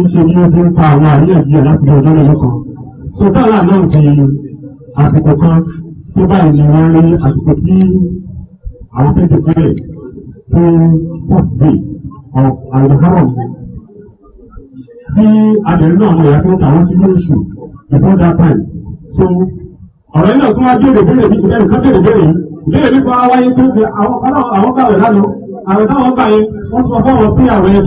ó ṣe bí ó pa àwọn àríyànjiyàn láti fi ọjọ́ lẹ́nu kan tó dára náà ti àsìkò kan tó báyìí ni wọ́n rí àsìkò tí àwọn tó dùn kọ́lẹ̀ fún pọ́sìtì àlùkárọ̀ tí adẹ̀rẹ̀ náà ní ìyàtọ̀ àwọn tí wọ́n ṣù before that time so ọ̀rọ̀ yìí náà tún wá béèrè béèrè bí ìbẹ̀rù kan béèrè béèrè yìí béèrè bí fún wáyé pé àwọn kàwé lánàá àwọn táwọn gbà yẹn wọ́n sọ fún àwọn pé àwọn yẹn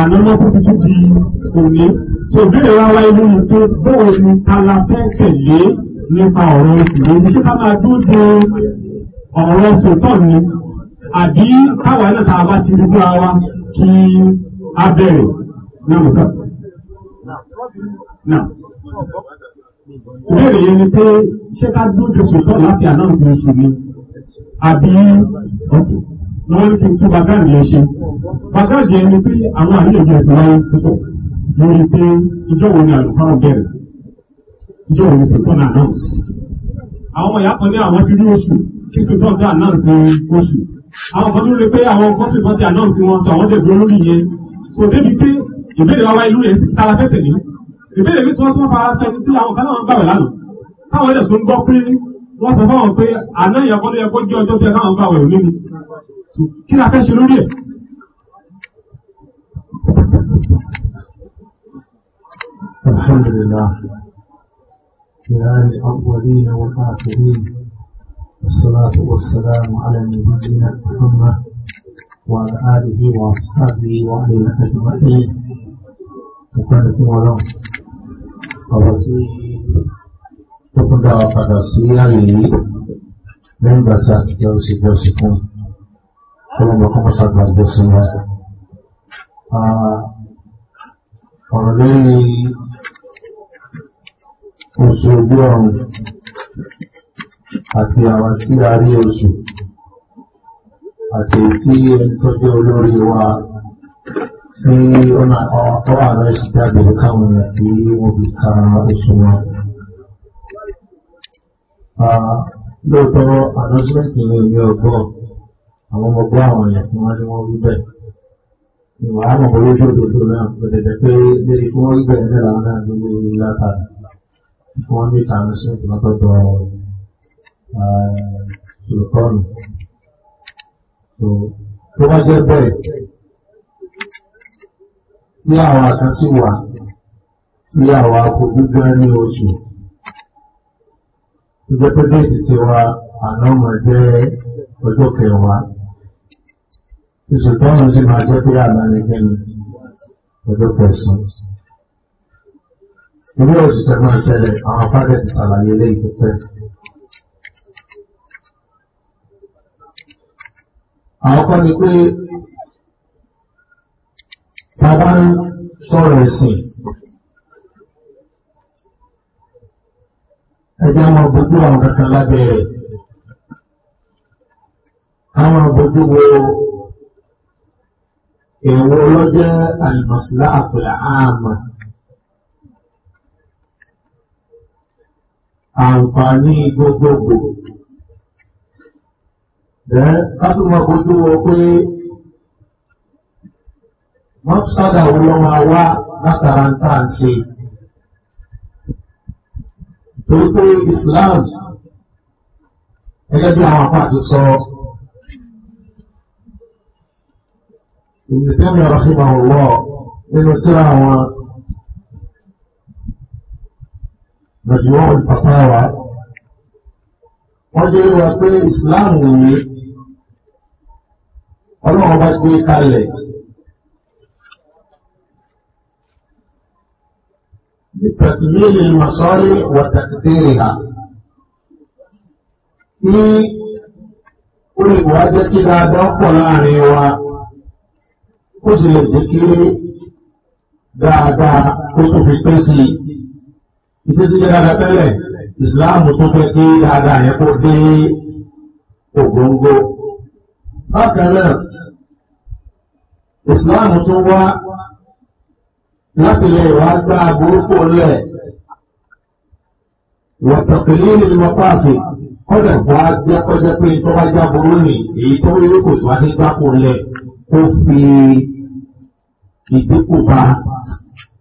àná lọ́kùn tuntun di òní tó ìbéèrè wa wáyé lórí pé bóun ni tala fẹ́ tẹ̀lé nípa ọ̀rọ̀ oṣù lórí ṣé ká máa dúró de ọ̀rọ̀ sọ̀tọ̀ ni àbí káwa náà tá a bá ti dúró wa kí a bẹ̀rẹ̀ náà mọ̀ sáà. ìbéèrè yẹn ni pé ṣé ká dúró de sọ̀tọ̀ láti àná oṣù oṣù ni àbí ọ̀tọ̀ ni wọ́n fi tú bagadi lọ ṣe bagadi ẹni pé àwọn àríyànjiyàn ti wáyé púpọ̀ lórí pé ìjọ wo ni àlùfáà bẹ̀rẹ̀ ìjọ wo ni sultan announce àwọn ọmọ ìyá kan ní àwọn ti rí oṣù kí sultan dá announce oṣù àwọn kan lórí pé àwọn gọ́ọ̀fì kan ti announce wọn sọ àwọn dẹ̀gbọ́n lórí yẹn kò débi pé ìbéèrè wa wáyé lórí ẹ̀sìn tálafẹ́tẹ̀ ní ìbéèrè mi tí wọ́n tún fara sẹ́ni pé àwọn kan náà ń gbàwẹ̀ lánàá táwọn ẹ̀dẹ̀ tó ń gbọ́ pé wọ́n sọ fáwọn pé àná yẹn ló yẹ kó jẹ́ ọjọ́ tó yẹ káwọn bá wẹ̀ lé mu kí la fẹ́ ṣe lórí ẹ̀. الحمد لله لله الأولين والآخرين والصلاة والسلام على نبينا محمد وعلى آله وأصحابه وعليه أجمعين وكان في ولهم ó pada dá wa padà sí ààyè yìí lẹ́yìn ìgbà tí a ti jẹ́ oṣù jẹ́ oṣù fún ọlọ́mọ kọ́kọ́ sàgbà jẹ́ oṣù yang ọ̀rọ̀ lórí oṣù ojú ọ̀run wa tí ọ̀nà ọ̀tọ́ ààrẹ ṣì jáde káwọn èèyàn tí wọ́n fi lóòótọ́ ànọ́símẹ́ǹtì mi mi ò gbọ́ àwọn ọmọ gbọ́ àwọn èèyàn tí wọ́n ní wọ́n wí bẹ́ẹ̀ ìwà àmọ̀ bóyá ojú òdòdó náà kò dẹ̀dẹ̀ pé lórí kí wọ́n wí bẹ́ẹ̀ ní làwọn náà ló lé orí látàrí kí wọ́n ní ìtàn ànọ́símẹ́ǹtì lọ́tọ̀dọ̀ tòlùkọ́nù tó bá jẹ́ bẹ́ẹ̀ tí àwọn àkáǹtì wà tí àwọn akókó gbẹ́ ní oṣù ìjọ pé déètì ti wa àná mọ̀ jẹ́ ọjọ́ kẹwàá oṣù tọ́run sì máa jẹ́ pé àná ni kí ni ọjọ́ kẹsàn-án. ilé òṣìṣẹ́ máa ṣẹlẹ̀ àwọn afárẹ̀ ti ṣàlàyé ilé ìtẹ́tẹ́. àwọn kan ni pé ta bá ń sọ̀rọ̀ ẹ̀sìn ẹjẹ́ àwọn ojú àwọn kankan lábẹ́ rẹ̀ àwọn ojú wo èwo lọ́jẹ́ àlùmọ̀sílá àtọ̀là àmà àǹfààní gbogbogbò rẹ̀ kátùmọ̀ ojú wo pé wọ́n sádà wo lọ́wọ́ wá látara ń tà ń ṣe torí Islam gẹ́gẹ́ bí àwọn àpá àti sọ ìmìtẹ́mi ọ̀rọ̀kíma ọ̀wọ́ nínú tíra àwọn rẹ̀jùwọ́ ìpàtàwà wọ́n jẹ́ wíwá pé Islam yìí ọlọ́run bá gbé kalẹ̀ بتكميل المصالح وتكثيرها ní olùwà jẹ́ kí dáadáa pọ̀ láàrin wa ó sì lè jẹ́ kí dáadáa ó tó fi pẹ́ sí ìtẹ́sí dáadáa tẹ́lẹ̀ ìsìláàmù tó fẹ́ kí dáadáa yẹn kó dé ògbóngbó bákan náà ìsìláàmù tó wá láti lè wá gbá burúkú lẹ̀ wọ̀tọ̀kìlì ní mọ́páàsì kọ́dà kó a jẹ́ kọjá pé tó bá já burú nì èyí tó rí kò tó bá ṣe gbá kó lẹ̀ kó fi ìdínkù bá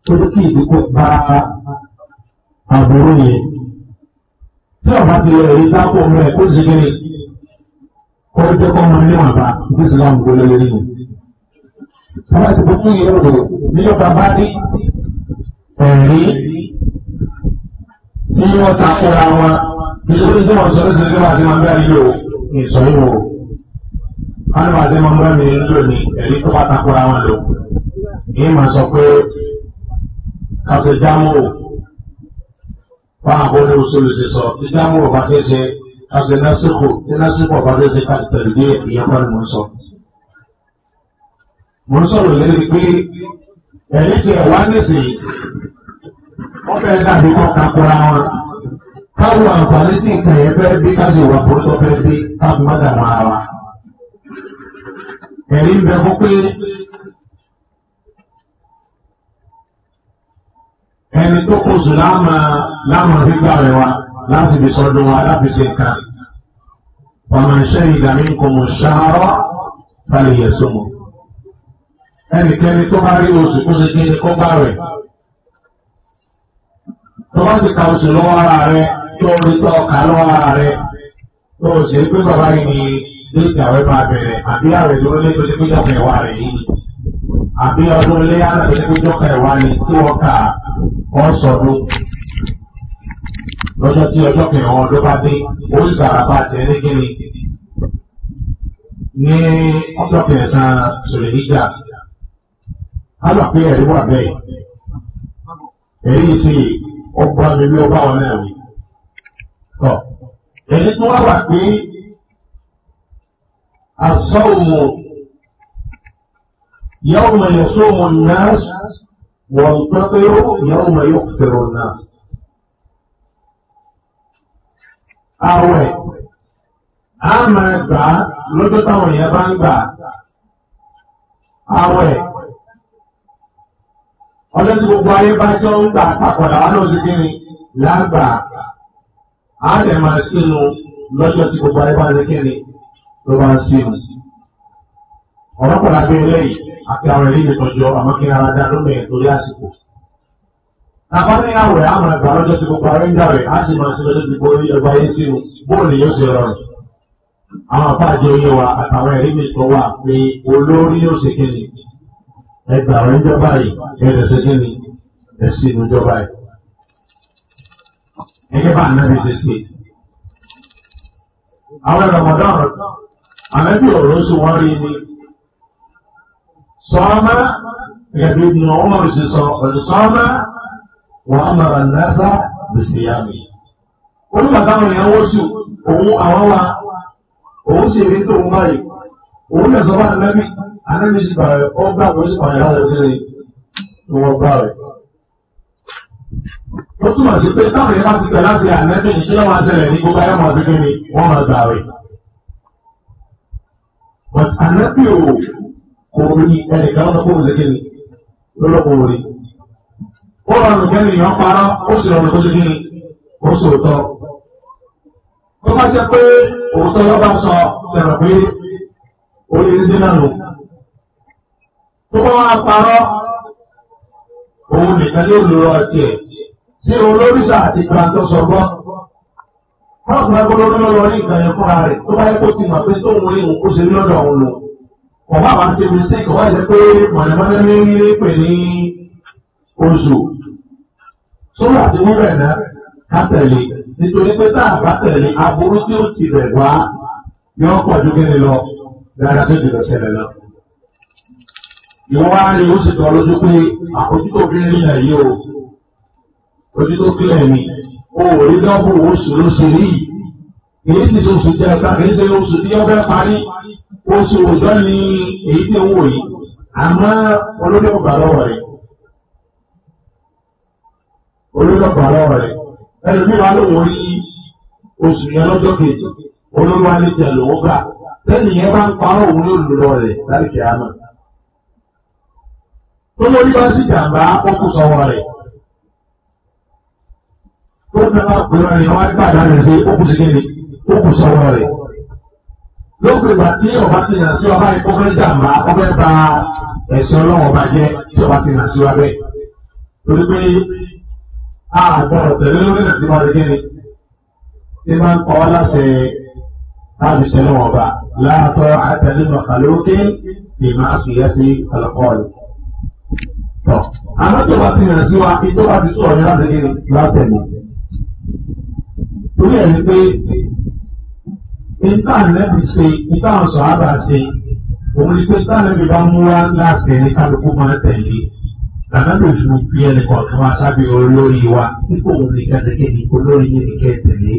tó jẹ́ kí ìdínkù bá àbúrò yẹn tí ọba ti lè rí dákò mẹ́ẹ̀ kó ṣe kí ni kó jẹ́ kọ́ mọ níwọ̀nba bí Islam tó lé lé nínú wọ́n ti fojú yìí rò ní ọba bá rí ẹ̀rí tí wọ́n takora wọn nítorí tí wọ́n sọ ní sinimá máa ṣe máa ń bá yìí o ìsọ yìí o wọ́n máa ṣe máa ń bá mi lò ní ẹ̀rí tó bá takora wọn lò ní máa sọ pé kàṣẹ jámù wọn àbọ̀ ní oṣooṣù ti sọ tí jámù ọba ṣe ṣe kàṣẹ násìkò tí násìkò ọba ṣe ṣe kàṣẹ tẹ̀lé ìyẹn kọ́ ni mo ń sọ mo ń sọ̀rọ̀ lórí pé ẹ̀yìn tí ẹ̀ wá nísìnyí wọ́n fẹ́ dàbí kan kakura wọn káwọn àǹfààní tí nǹkan yẹn fẹ́ bí káṣí ìwà pòótọ́ fẹ́ bí káfí má dàmú ara wa. ẹ̀rí ń bẹ fún pé ẹni tó kó sùn láàmà láàmà gbígbà rẹ̀ wa láti fi sọdún wa láti ṣe nǹkan. wàmọ̀ ṣẹ́yìn ìdàmí kò ṣáárọ̀ fàlẹ̀ yẹ̀ sọ́mọ̀ ẹnikẹ́ni tó bá rí oṣù kó ṣe kíni kó bá rẹ̀. tó bá sì ka oṣù lọ́wọ́ ara rẹ tó rí tó ọkà lọ́wọ́ ara rẹ tó o ṣe pé bàbá yìí ni déètì àwẹ̀ máa bẹ̀rẹ̀ àbí àwẹ̀ dúró lé pẹ̀lú pẹ̀lú ọ̀fẹ́ wa rẹ̀ yìí àbí ọdún ilé yára pẹ̀lú pẹ̀lú ọ̀fẹ́ wa ni tí wọ́n kà wọ́n sọdún lọ́jọ́ tí ọjọ́ kẹwọ́n ọdún bá dé ó ń sàràbà tẹ̀ ní kíni ní ọjọ́ kẹsàn-án sòlè nígbà kájà pé ẹ̀rí wà bẹ́ẹ̀ èyí sì ọgbọ́n mi ló bá wọn náà wí. tọ́ èyí tó wá wà pé asọ́wọ́ yàwó mọ̀ yẹ sọ́wọ́ náà wọ́n tọ́pẹ́ yàwó mọ̀ yọ fẹ̀rọ̀ náà. àwẹ̀ a máa gbà lọ́jọ́ táwọn bá ń gbà àwẹ̀ ọlọ́sí gbogbo ayé bá jọ ń gbà papọ̀ làwọn náà ṣe kíni lágbà á dẹ̀ máa sínú lọ́jọ́ tí gbogbo ayé bá ṣe kíni ló bá ń sínú. ọ̀rọ̀pọ̀lá bí eléyìí àti àwọn ẹ̀rí ìtọ́jú àmọ́ kí ara dá lómi ìtòrí àsìkò. Nàbá ní àwẹ̀ àmọ̀ ẹ̀fà lọ́jọ́ tí gbogbo ayé ń dàwẹ̀ á sì máa ṣe lọ́jọ́ tí gbogbo ẹgbẹ́ ayé sínú bóòlù yóò ṣe rọrùn. Àwọn àbájọ yé wa àtàwọn ẹ̀rí ẹgbà àwọn ìjọba yìí ẹgbẹ́ ṣẹ́gbẹ́ ni ẹ̀sìn ìjọba yìí. Ẹgbẹ́ bá ànábì ṣe ṣe. Àwọn ọ̀dọ́mọdé ọ̀rọ̀ ànábì ọ̀rọ̀ oṣù wọn rí ni. Sọ́ọ́mà gẹ̀bí ni ọ̀hún ọ̀rọ̀ ṣe sọ pẹ̀lú sọ́ọ́mà wọ́n á mọ̀ràn lẹ́sà lùsì yá mi. Onímọ̀tá àwọn èèyàn wọ́ṣù òun àwọn wa òun sì rí tóun báyìí òun lè sọ ànábì anábì sì bàrẹ̀ ó gbà pé ó sì pààyàn láti ẹgbẹ́ ni wọ́n gbà rẹ̀. ó túmọ̀ sí pé táwọn yẹn bá ti tẹ̀ láti ànábì ní yóò máa ṣẹlẹ̀ ní gbogbo ayé máa ṣe kíni wọ́n máa gbà rẹ̀. but ànábì ò kò rí ẹnìkan lọ́dọ̀ kó ṣe kíni lọ́dọ̀ kó rí. ó rọrùn kẹ́ni ìyàn parọ́ ó sì rọrùn kó ṣe kíni ó sòótọ́. tó bá jẹ́ pé òótọ́ lọ́ sọ ṣẹ̀rọ̀ pé orí ẹni tó bá wá parọ́ òun nìkan ló lo ọtí ẹ̀ sí olóríṣà àti ìgbà tó sọ gbọ́. wọ́n fún ẹgbẹ́ olórí lọ́wọ́ ní nǹkan yẹn fúnra rẹ̀ tó bá yẹ kó ti mọ̀ pé tó ń rí òun kó ṣe ní lọ́dọ̀ òun lò. wọ́n bá wàá ṣe mi sí ìkọ̀wá ìlẹ́ pé mọ̀nàmọ́ná ní rí pè ní oṣù. sólà ti wú rẹ̀ náà ká tẹ̀lé nítorí pé tá a bá tẹ̀lé aburú tí ó ti rẹ̀ wá yọ ọ́ ìwọ́n wá rí ó sì tọ́ lójú pé àkójú tó fi rí ẹ̀yí o ojú tó fi ẹ̀mí o ò rí dọ́bù oṣù lóṣù rí èyí tí oṣù jẹ́ ọ̀tá kìí ṣe oṣù tí ọbẹ̀ parí oṣù òjọ́ ni èyí tí ń wò yìí àmọ́ olórí ọgbà lọ́wọ́ rẹ̀ olórí ọgbà lọ́wọ́ rẹ̀ ẹlòmíì wá lóun rí oṣù yẹn lọ́jọ́ kejì olórí wa lè jẹ lòun gbà lẹ́yìn yẹn bá ń parọ́ òun yóò lò lọ rẹ̀ láì kẹ́ àmọ́ tó lórí bá sì jàmbá ó kù sọ́wọ́ rẹ̀ tó ń bá pèrò rẹ̀ wọ́n gbà lálẹ́ sí ó kù sí kéde ó kù sọ́wọ́ rẹ̀ lópin ìgbà tí ọba ti yàn sí ọba ẹ̀kọ́ fẹ́ jàmbá ó fẹ́ ba ẹ̀sìn ọlọ́wọ́ bá jẹ́ tí ọba ti yàn sí wa bẹ́ẹ̀ torí pé a gbọ́dọ̀ tẹ̀lé lórí náà ti máa rí kéde tí máa ń pa láṣẹ láti ṣẹlẹ̀ wọn ọba láàtọ̀ àtẹlẹ́mọ̀ àmọ́ tó bá ti rìn sí wa kí tó bá ti sọ̀rọ̀ yẹn láti kí ni látẹ̀lé. Torí ẹ̀ ni pé ìta nẹ́bi ṣe ìta ọ̀sán àbá ṣe òun ni pé ìta nẹ́bi bá mú wá láṣẹ ní kálukú máa tẹ̀lé. Làbẹ́bẹ̀ tí mo fi ẹnì kọ̀ọ̀kan wá sábẹ́ olórí wa dípò òun ní kẹ́tẹ́kẹ́ ni, olórí yìí ní kẹ́ tẹ̀lé.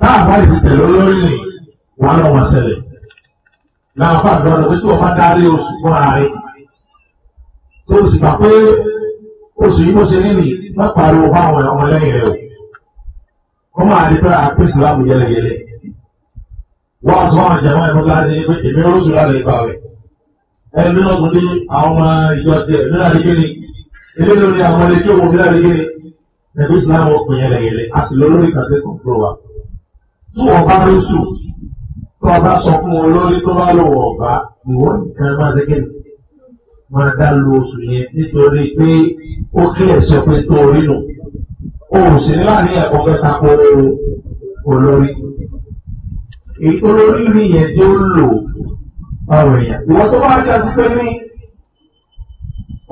Tá a bá ti tẹ̀lé olórí nì, wàá lọ́wọ́ ṣẹlẹ̀. Làwọn bá dọ́nu pé tí wọ́n bá dárí oṣù fún ààrẹ tó sì gbà pé oṣù yìí bó ṣe rí nìyí má pariwo bá àwọn ọmọ lẹ́yìn rẹ̀ o wọ́n máa rí pé àpè ìsìlámù yẹlẹyẹlẹ wọ́n á sọ àwọn àjàmọ́ ẹ̀mú láti pé èmi olóṣù láti gbà rẹ̀ ẹ̀mí náà tún ní àwọn ọmọ ìjọ tiẹ̀ nínú àdìgbélé ilé lórí àwọn ilé tí òun bí àdìgbélé ẹ̀mí ìsìlámù ọkùn yẹlẹyẹlẹ a sì lọ lórí kàtẹ́ kọ̀ǹtò wa tí wọ́n bá lóṣù tó a bá sọ fún wọn tó bá lò wọ̀ ọ̀gá ìwọ nìkan má dégé ni máa dá lu oṣù yẹn nítorí pé ó kílẹ̀ sọ pé tó orí nù o ò sì ní láàrin ẹ̀kọ́ fẹ́ tako olórí olórí rí yẹn tó lò ọ̀rọ̀ èèyàn ìwọ tó bá já sí pé ní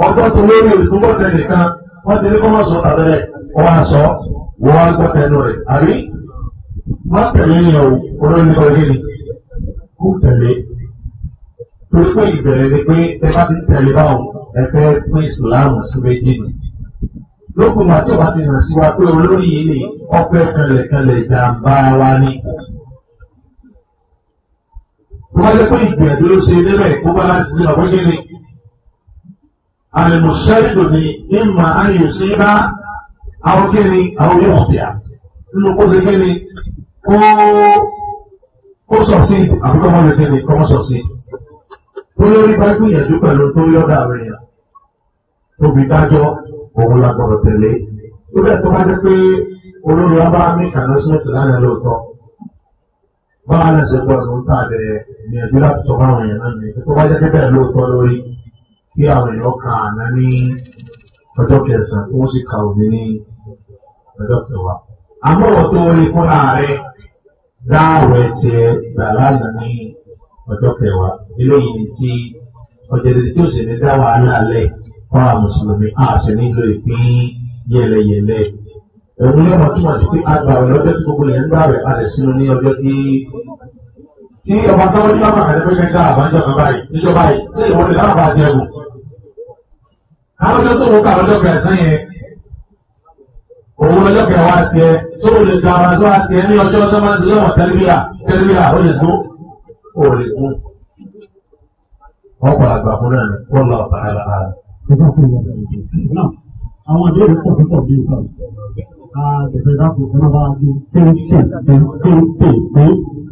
ọjọ́ tó lórí oṣù bọ́sẹ̀ nìkan wọ́n ti ní kọ́ mọ́ sọ tàbẹ́rẹ́ wọ́n á sọ wọ́n á gbọ́ tẹnu rẹ̀ àbí má tẹ̀lé yẹn o olórí ní ọjọ́ ni kú tẹ̀lé torí pé ìbẹ̀rẹ̀ ni pé ẹ bá ti ń tẹ̀lé báwọn ẹ fẹ́ pín ìsìláàmù sí méjì ni. lókun àti ọba ti rìn sí wa pé olórí yìí ni ọfẹ́ kanlẹ̀kanlẹ̀ jàǹbá wa ni. tó bá jẹ́ pé ìgbìyànjú ló ṣe níbẹ̀ kó bá láti ṣe ọ̀gbẹ́ gíní. àlùmọ̀ṣẹ́rìndò ni ìmọ̀ ayò sí bá àwọn gíní àwọn yóò tẹ̀ nínú kó ṣe gíní kó sọ̀ sí àbúkọ́ mọ́lẹ̀ gíní kọ́ mọ́ sọ̀ sí ó lórí bá gbìyànjú pẹ̀lú tó yọ̀dà rẹ̀ yàn tóbi dájọ́ òun la gbọ̀dọ̀ tẹ̀lé ó bẹ̀ tó bá jẹ́ pé olórí wa bá mí kàná sí ètò lánàá lóòótọ́ bá a lẹ́sẹ̀ pọ̀ tó ń tà dẹ̀ gbìyànjú láti sọ fún àwọn èèyàn náà nìyẹn tó bá jẹ́ pé bẹ́ẹ̀ lóòótọ́ lórí kí àwọn èèyàn kà á ná ní ọjọ́ kẹsàn-án kí wọ́n sì kà òbí ní ọjọ́ kẹwàá àmọ́ wọ́n tó rí fún ààrẹ dáàwẹ̀ tiẹ̀ gbà lánàá ní ọjọ́ kẹwàá eléyìí ni tí ọ̀jẹ̀dẹ̀ tí ó sì ní dá wàhálà lẹ̀ fún àwọn mùsùlùmí a sì nílò ìpín yẹlẹyẹlẹ. ẹ̀rù yóò mọ̀ túmọ̀ sí pé àgbà rẹ̀ lọ́jọ́ tí gbogbo yẹn ń gbà rẹ̀ kalẹ̀ sínú ní ọjọ́ tí tí ọba sáwọ́ ní bàbá rẹ̀ fẹ́ẹ́ dá àbájọ bàbá yìí níjọba yìí sí ìwọlé lábàbà jẹun. àwọn ọjọ́ tó wọ́n kà lọ́jọ́ kẹsàn-án yẹn òun lọ́jọ́ kẹwàá tiẹ̀ tó lè gba àwọn aṣọ àti ẹni ọjọ́ tó máa ń ó ọ̀pọ̀ àgbà fún náà lọ bàrà bàrà. àwọn ìbéèrè pọ̀ púpọ̀ bí ìsọ̀ àgbẹ̀fẹ̀ dákun kan náà bá a di pépèpépépé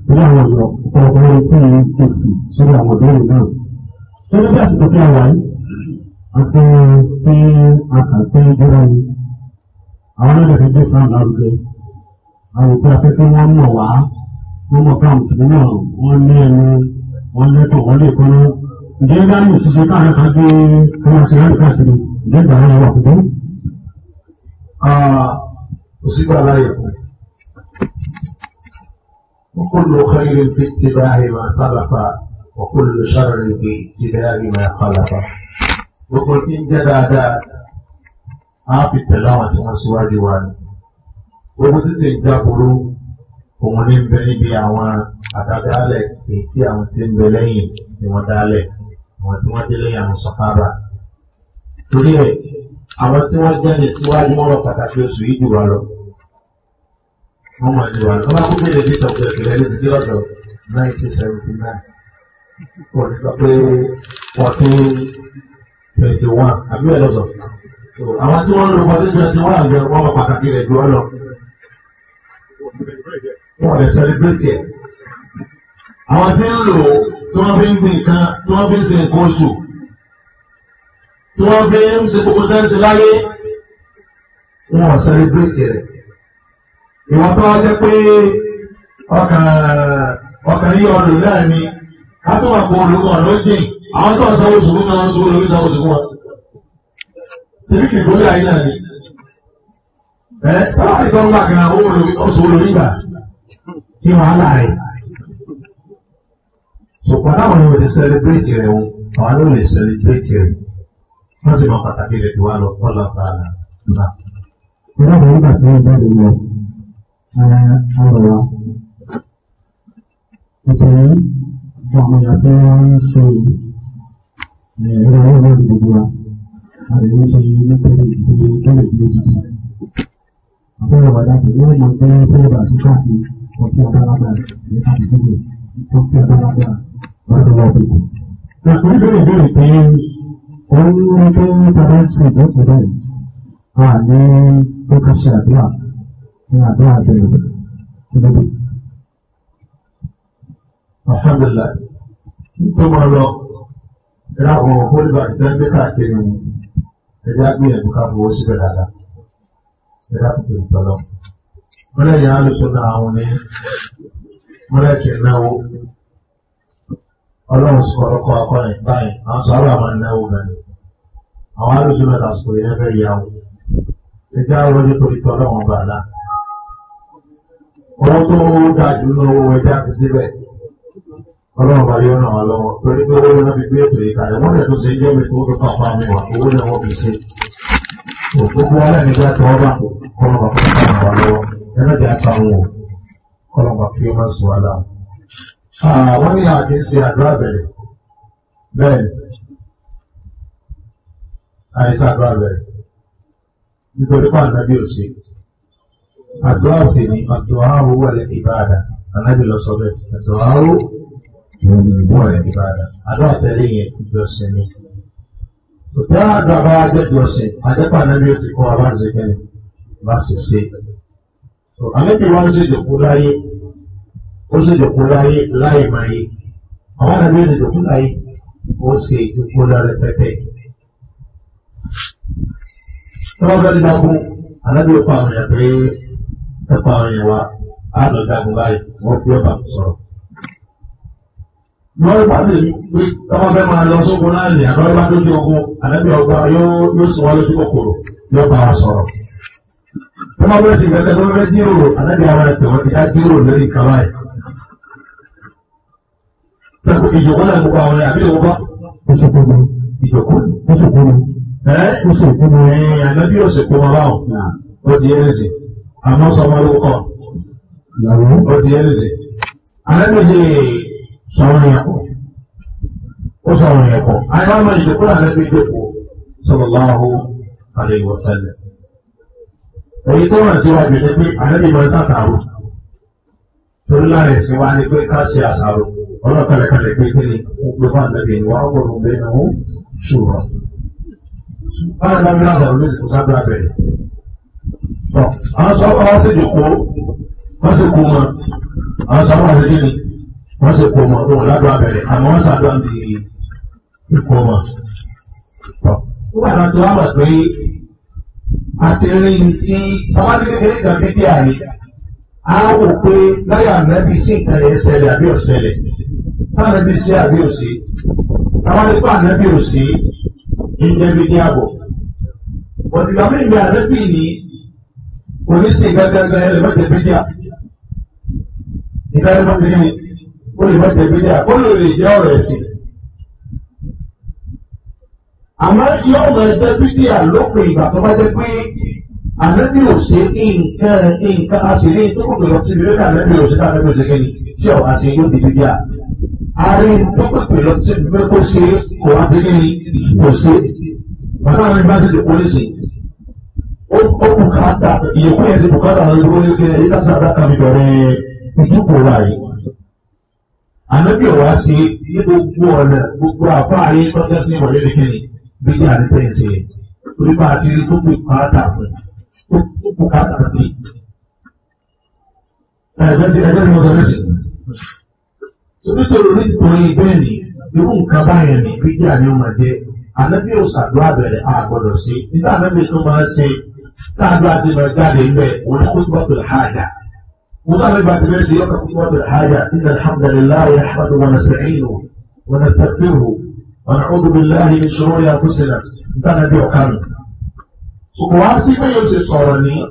ní àwọn ọ̀rọ̀ ọ̀pọ̀lọpọ̀ lórí tí èsì sórí àwọn ìbéèrè náà. lọ́jọ́ bí àsìkò tí a wà yìí àti tí a kà pé jẹ́ra ni àwọn ẹlẹ́dẹ̀ẹ́dẹ́gbẹ̀sán lárugẹ àròpé afẹ́fẹ́ wọn mọ̀ wá wọ́n mọ̀ ká òfin náà wọ́n ní ẹnu wọ́n lẹ́tọ̀ wọ́n lè kọ́ná. ǹjẹ́ bá ní ìṣiṣẹ́ káàrin ká gbé láti káàkiri ǹjẹ́ ìgbà náà wà fún un. òsínbà láyè kù وكل خير في اتباع ما سلف وكل شر في اتباع ما خلف gbogbo tí ń jẹ́ dáadáa á fi tẹ̀lé àwọn tí wọ́n síwájú wa ni gbogbo tí sì ń já òun ní bẹ níbi àwọn àdádálẹ̀ èyí tí àwọn tí ń bẹ lẹ́yìn ni wọ́n dálẹ̀ àwọn tí wọ́n dé lẹ́yìn àwọn sọ̀kábà. torí ẹ̀ àwọn tí wọ́n jẹ́ni síwájú wọn lọ pàtàkì oṣù yìí jù wá lọ. wọ́n mọ̀ jù wá lọ. wọ́n bá kú bèrè ní tọ̀kùn ìpìlẹ̀ ní ti lọ́dọ̀ 1979. wọ́n ti sọ pé fourteen twenty one àbí ẹ̀ lọ́dọ̀. àwọn tí wọ́n lọ fourteen twenty one àgbẹ̀ wọ́n mọ̀ pàtàkì rẹ̀ jù wá lọ wọn lè sẹlẹbírẹtì ẹ àwọn tí ń lò tí wọn fi ń gbin nǹkan tí wọn fi ń ṣe nǹkan oṣù tí wọn fi ń ṣe gbogbo sẹńsì láyé wọn ò sẹlẹbírẹtì rẹ ìwọ tó wá jẹ pé ọkàn ọkàn yí ọdún náà ni kápẹ́wà kó olùkọ́ ló dé àwọn tó ń sanwó sùúrù náà ń sanwó lórí sanwó sùúrù wọn. sèmi kìí kó lé ayé náà ni ẹ sábà ní tó owó olùkọ́ sùúrù lórí gbà kí wàhálà rẹ̀ ṣùgbọ́n táwọn ènìyàn ti sẹlẹbírẹ́tì rẹ̀ o àwọn ló lè sẹlẹbírẹ́tì rẹ̀ wọ́n sì mọ pàtàkì rẹ̀ tó wà lọ kọ́ lọ́ọ́ bá a lọ. ìwọ́n bọ̀ nígbà tí ìgbà lè lọ ọ̀rọ̀ wa nítorí àwọn ọ̀yà tí wọ́n ń ṣe ọtí abalagbà ní káàdì sígbèsì ọtí abalagbà lọ́dọ̀ lọ́dọ̀ ìbò. Nàpọ̀ ìbéèrè ìbéèrè pé òun ní pé tàbí ṣe ìgbésẹ̀ bẹ́ẹ̀ wà ní ó ká ṣe àdúrà ní àdúrà bẹ̀rẹ̀ lọ́dọ̀. Alhamdulillah, tó máa lọ ẹ̀rọ àwọn òpólìbà ìtẹ́gbẹ́ káàkiri ẹ̀dá gbìyànjú ká fowó síbẹ̀ dáadáa. Ẹ̀dá kò tó ìtọ́lọ́ mọ́lẹ́yìn alùsọ́nà àwọn ní mọ́lẹ́kì náwó ọlọ́run sọ ọlọ́kọ̀ akọ́rin báyìí àwọn sọ́rọ̀ àwọn náwó gani àwọn alùsọ́nà tàṣọ yẹn fẹ́ yàwó ẹgbẹ́ àwọn ní torí tọ́lọ́wọ́n bá dá owó tó dájú ní owó ẹjẹ́ àti síbẹ̀ ọlọ́run bá yọ náà lọ́wọ́ torí pé owó náà òkúkú wọn lẹ́nu ìgbà tí wọ́n bá kọ́lọ́mà kó fún àwọn lọ́wọ́ ẹnu ìjà sáwọn o kọ́lọ́mà kí wọ́n sùn wà láà. wọ́n ní àdé ṣe àdúrà bẹ̀rẹ̀ bẹ́ẹ̀ àìsàn àdúrà bẹ̀rẹ̀ nítorí pé ànábì ò ṣe àdúrà sì ni àdúrà owó ẹ̀ ìbáàdà ànábì lọ sọ bẹ́ẹ̀ àdúrà owó ẹ̀ ìbáàdà àdúrà tẹ̀lé yẹn ìjọsìn ni para That Baba get blessing. I get an area to call about o Verse 6. So, I maybe one said the Kulai, ó sì dòkú láyé láì máa yé. Àwọn àgbẹ̀ sì dòkú láyé, ó de dòkú lọ́rẹ̀ pẹ́pẹ́. Tọ́wọ́ bẹ́ẹ̀ dágún, àlábẹ́ òkú àwọn èèyàn pé ẹ̀kọ́ àwọn èèyàn wa, àádọ́ dágún báyìí, wọ́n gbé ọ̀bà sọ̀rọ̀ lọ́wọ́ bá sì pé tọ́wọ́ fẹ́ máa lọ sóko náà lè àlọ́ bá lójú ogun àlẹ́bí ọgbà yóò sọ wọ́n lọ sí kòkòrò yóò bá wọn sọ̀rọ̀. tọ́wọ́ bá sì gbẹ́gbẹ́ tọ́wọ́ fẹ́ jíròrò àlẹ́bí àwọn ẹ̀tọ́ wọn ti dá jíròrò lórí kàwá ẹ̀. sọ́kò ìjòkó náà gbogbo àwọn ẹ̀yà bí òun bá. ìṣòkò ni ìjòkó ni ìṣòkò ni. ẹ ìṣòkò ni àlẹ́bí òṣèkò wọn báwọn. ó ti yẹnìsì àmọ́ sọmọ ló kọ. ó ti yẹnìsì. àlẹ́bí sọ̀rọ̀ yẹn kọ̀ ó sọ̀rọ̀ yẹn kọ̀ àyà máa yẹ kó àlẹ́ gbé dèpò sallallahu alaihi wasallam èyí tó wà síwájú ni pé àlẹ́bí máa ń sàṣàrò torí láàrin sí wa ni pé ká ṣe àṣàrò ọlọ́kàlẹ̀kàlẹ̀ pé kí ni gbogbo fún àlẹ́bí ni wàá wọ̀rọ̀ bẹ́ẹ̀ náà ṣùgbọ́n. báwo ni wọ́n bí lásàrò ní ìsìnkú sábẹ́ abẹ́rẹ́ àwọn sọ́kọ́ wá sí ìdìkú wọ́n sì kú wọn àwọn sọ́kọ́ wá sí kí ni wọ́n sì kó mọ̀ tó ládùn abẹ̀rẹ̀ àmọ́ wọ́n sàdán di ikú wọn. Nígbà náà tí wọ́n mọ̀ pé àti rí ti ọmọdéléke nígbà bíbí àrí á wò pé láyà nẹ́bí sí nǹkan yẹn ṣẹlẹ̀ àbí ọ̀ṣẹlẹ̀ sáà nẹ́bí sí àbí òsè àwọn nípa ànẹ́bí òsè ń dẹ́bi ní àbọ̀. Ọ̀dùnkà mi ìgbà ànẹ́bí ni oníṣègùn ẹgbẹ́ ẹgbẹ́ ẹlẹ́mọ̀tẹ́bí ní àbí. Ìgbà ẹlẹ́mọ̀tẹ́bí ní ó lè mẹ́tẹ̀ bí díà ó lè jẹ́ ọ̀rọ̀ ẹ̀sìn. àmọ́ yóò mọ ẹgbẹ́ bí díà lópin ìgbà tó bá jẹ́ pé ànábì ò ṣe nǹkan nǹkan a sì ní tó kò lọ síbi lórí ànábì ò ṣe ká ànábì ò ṣe kéde tí ọ̀ àṣẹ yóò di bí díà. a rí tó pèpè lọ síbi pé kó ṣe kò wá sí kíni kò ṣe. bàbá àwọn ẹgbẹ́ sì lè polisi ó bùkátà ìyókù yẹn ti bùkátà lórí ẹgbẹ́ yẹn yíká ànábì ọ̀wá sí ní gbogbo ọ̀nà gbogbo àbá ayé tọ́jọ́ sí ìwọ̀lẹ́ nìkẹ́ni bíbí àdìtẹ̀sí onípa àti gbogbo ìpàdà fún gbogbo kàtà sí. ẹgbẹ́ ti ẹgbẹ́ ti mo sọ lẹ́sìn. nítorí nítorí bẹ́ẹ̀ ni irú nǹkan báyẹn ni bíbí àní ọmọ jẹ́ ànábì òsàdó àbẹ̀rẹ̀ àgbọ̀dọ̀ sí títà ànábì tó máa ń ṣe sáàdó àti ìmọ̀ jáde ń bẹ̀ òun ni kó tó bọ́ pẹ̀lú àdá. وقال بعد الناس يقف الحاجة إن الحمد لله يحمده ونستعينه ونستغفره ونعوذ بالله من شرور أنفسنا كان بي وكان واسي ما يوسف صورني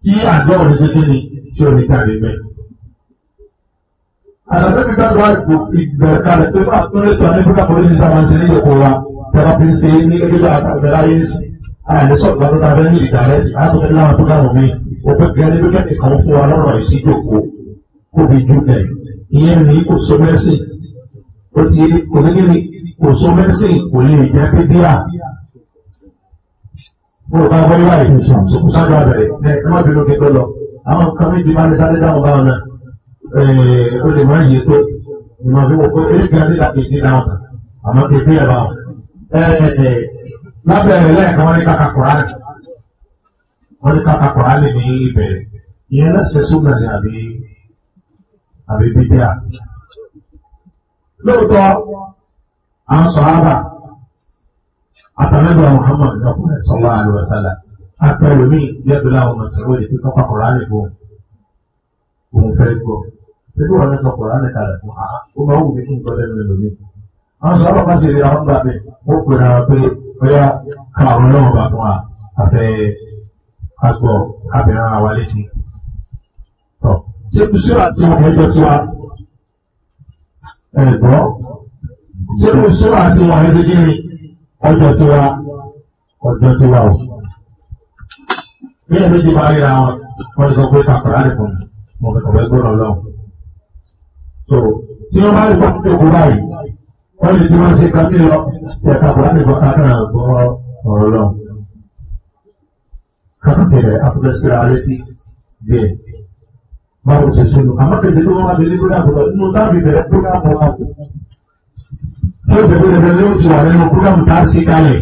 تي أدعو لجدني شو نتاني من أنا تبي كان واحد كان تبي أقول لك أنا بقى بقول لك أنا سيني يسوع تبى تنسيني كذا أتعمل أي شيء أنا سوق ما تتعبني بكارث أنا بقول ẹgbẹ́ gẹ́gẹ́ bí kẹ́nìkan fún wa lọ́rọ̀ ìṣíjòkó kó fi ju bẹ̀ ìyẹn ní kò so mẹ́sìn ó ti kò ní kíni kò so mẹ́sìn kò lè jẹ́ bíbíà mo bá wọ́n wá ìlú sàn tó kó sáré àbẹ̀rẹ̀ ẹ ẹ má bínú kí n tó lọ àwọn nǹkan méjì máa ń sáré dáhùn báwọn náà ó lè má yé tó ìmọ̀ bí wọ́n kó eré gan nígbà kejì dáhùn àmọ́ kejì ẹ̀ báwọn. lábẹ́ ẹ̀ lẹ́ẹ̀kan wọn ní kàkà kùránì wọ́n ní káka kọ̀ọ̀lì ní ibẹ̀ ìyẹn lẹ́sẹ̀ súnmọ̀ ní àbí àbí bíbíà. lóòótọ́ àwọn sọ̀hábà àtàlẹ́gbẹ̀ẹ́ muhammad náà fún ẹ̀ sọ́wọ́ àlùwẹ̀sálà àpẹẹrẹ mi yẹ́dùn láwọn mọ̀sánwó yìí tó kápá kọ̀ọ̀lì bò òun fẹ́ gbọ́ síbí wọn sọ kọ̀ọ̀lì kalẹ̀ fún ha ó máa wù mí kí n gbọ́ lẹ́nu ẹlòmíì àwọn sọ̀rọ̀ bá sì rí àwọn gbà mí ó pè náà pé bóyá káwọn náà bá fún wa àfẹ́ agbọ̀ abẹ̀rẹ̀ ara wa létí. Ṣé Bùsúrù àti ọmọ ẹjọ́ tiwa ẹ̀gbọ́? Ṣé Bùsúrù àti ọmọ ẹjọ́ gírin ọjọ́ tiwa ọjọ́ tiwa o? Bí ẹ̀mí ti bá ríra wọn, wọ́n ti sọ pé kàkàrà lè fún mi, mo kàn fẹ́ gbọ́dọ̀ lọ. So tí wọ́n bá rí fún mi kó báyìí, wọ́n lè ti wọ́n ṣe kàkiri lọ, ẹ̀ka kàkàrà lè fún kàkàrà gbọ́ ọ̀rọ̀ lọ kàtàtẹ̀rẹ̀ afúnẹ́sẹ̀ alẹ́tí bẹ́ẹ̀ báwo ṣe ṣe nù àmọ́ kẹ̀sẹ̀ ló wá bẹ̀rẹ̀ lórí àbúrò nínú tábì bẹ̀rẹ̀ púrámù wa kù tó bẹ̀rẹ̀ bẹ̀rẹ̀ ló ti wà nínú púrámù tá a ṣe kalẹ̀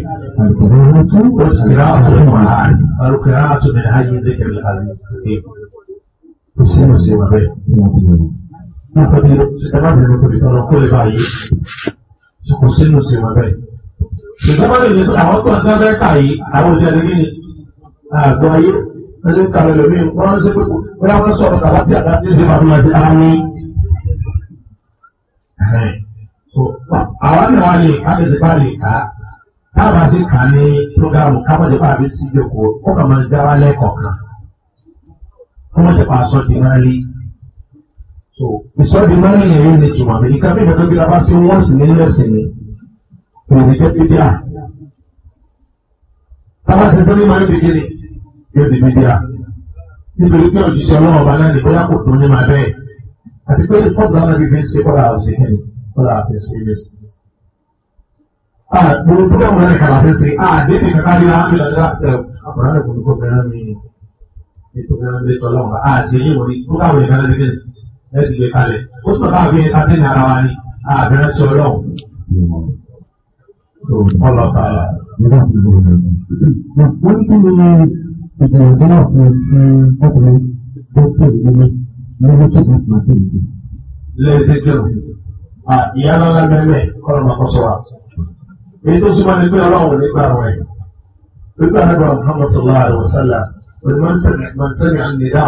òṣìṣẹ́ àtúnmọ̀ láàrin àrùkẹ́ àtúnmọ̀ ayé dẹ́kẹ̀lẹ́ àrùkẹ́ kò sí mọ̀ sí wà bẹ́ẹ̀ nípa tí ìjọba ti lọ kóbi tọrọ kó lè bá yé kò sínú sí wà bẹ́ẹ̀ ìjọba lè ní àwọn tó ń dábẹ́ kà yìí àwọn ìjọba àgbọ̀ ayé ẹni ń kàwé lómi wọ́n ń sẹ́kù wọ́n yà wọ́n sọ̀rọ̀ kàwá tí àgbà ní ìsìn màmá sí àmì. àwọn náà lè kábẹ̀tì bá lè ká táwọn àti kà ní programu kábẹ̀tì bá mi sí ìjókòó ó kà máa já wa lẹ́kọ̀ọ́ kan kó má jẹ́ pa aṣọ di máa rí. ìsọdí máa ń yẹn yóò ní tùmọ̀ àmì ìka bí ìgbà tó gbé labá sí wọ́n sì ní ilé ẹ̀sìn ní jẹ́ Bàbá ti dúró máa ń di gíní, yóò di bíbí à. Nítorí pé òjíṣẹ́ ọlọ́run ọba náà ní bóyá kò tó ní máa bẹ́ẹ̀. Àti pé fọ́ọ̀tù náà bíbí ń ṣe kọ́lá àwòṣe kìíní, kọ́lá àfẹ́ sí ilé sí. Ah, à gbogbo púpọ̀ mọ́ ẹ̀ka àfẹ́ sí, à débi kàkà ní àmì lọ́dọ̀ àtẹ àkùrá rẹ̀ kò ní kó fẹ́ràn mi. Nítorí àwọn ilé sọ ah, ah, ọlọ́run à ṣe yí wòlí tó Allah Ta'ala. Wọ́n kí ni ìgbìyànjú náà ti ti ọkùnrin tó kéde nílé nílé tó ti ti kéde jù. Lẹ́yìn tí kéwù, ìyá lọ́la mẹ́lẹ̀ kọ́nà máa kọ́ sọ wa. Èyí tó súnmọ́ ni pé ọlọ́run nígbà rẹ̀. Nígbà rẹ̀ bá Muhammad sallallahu alayhi wa sallam, olùmọ̀ ń sẹ̀mí àti sẹ̀mí ànídá.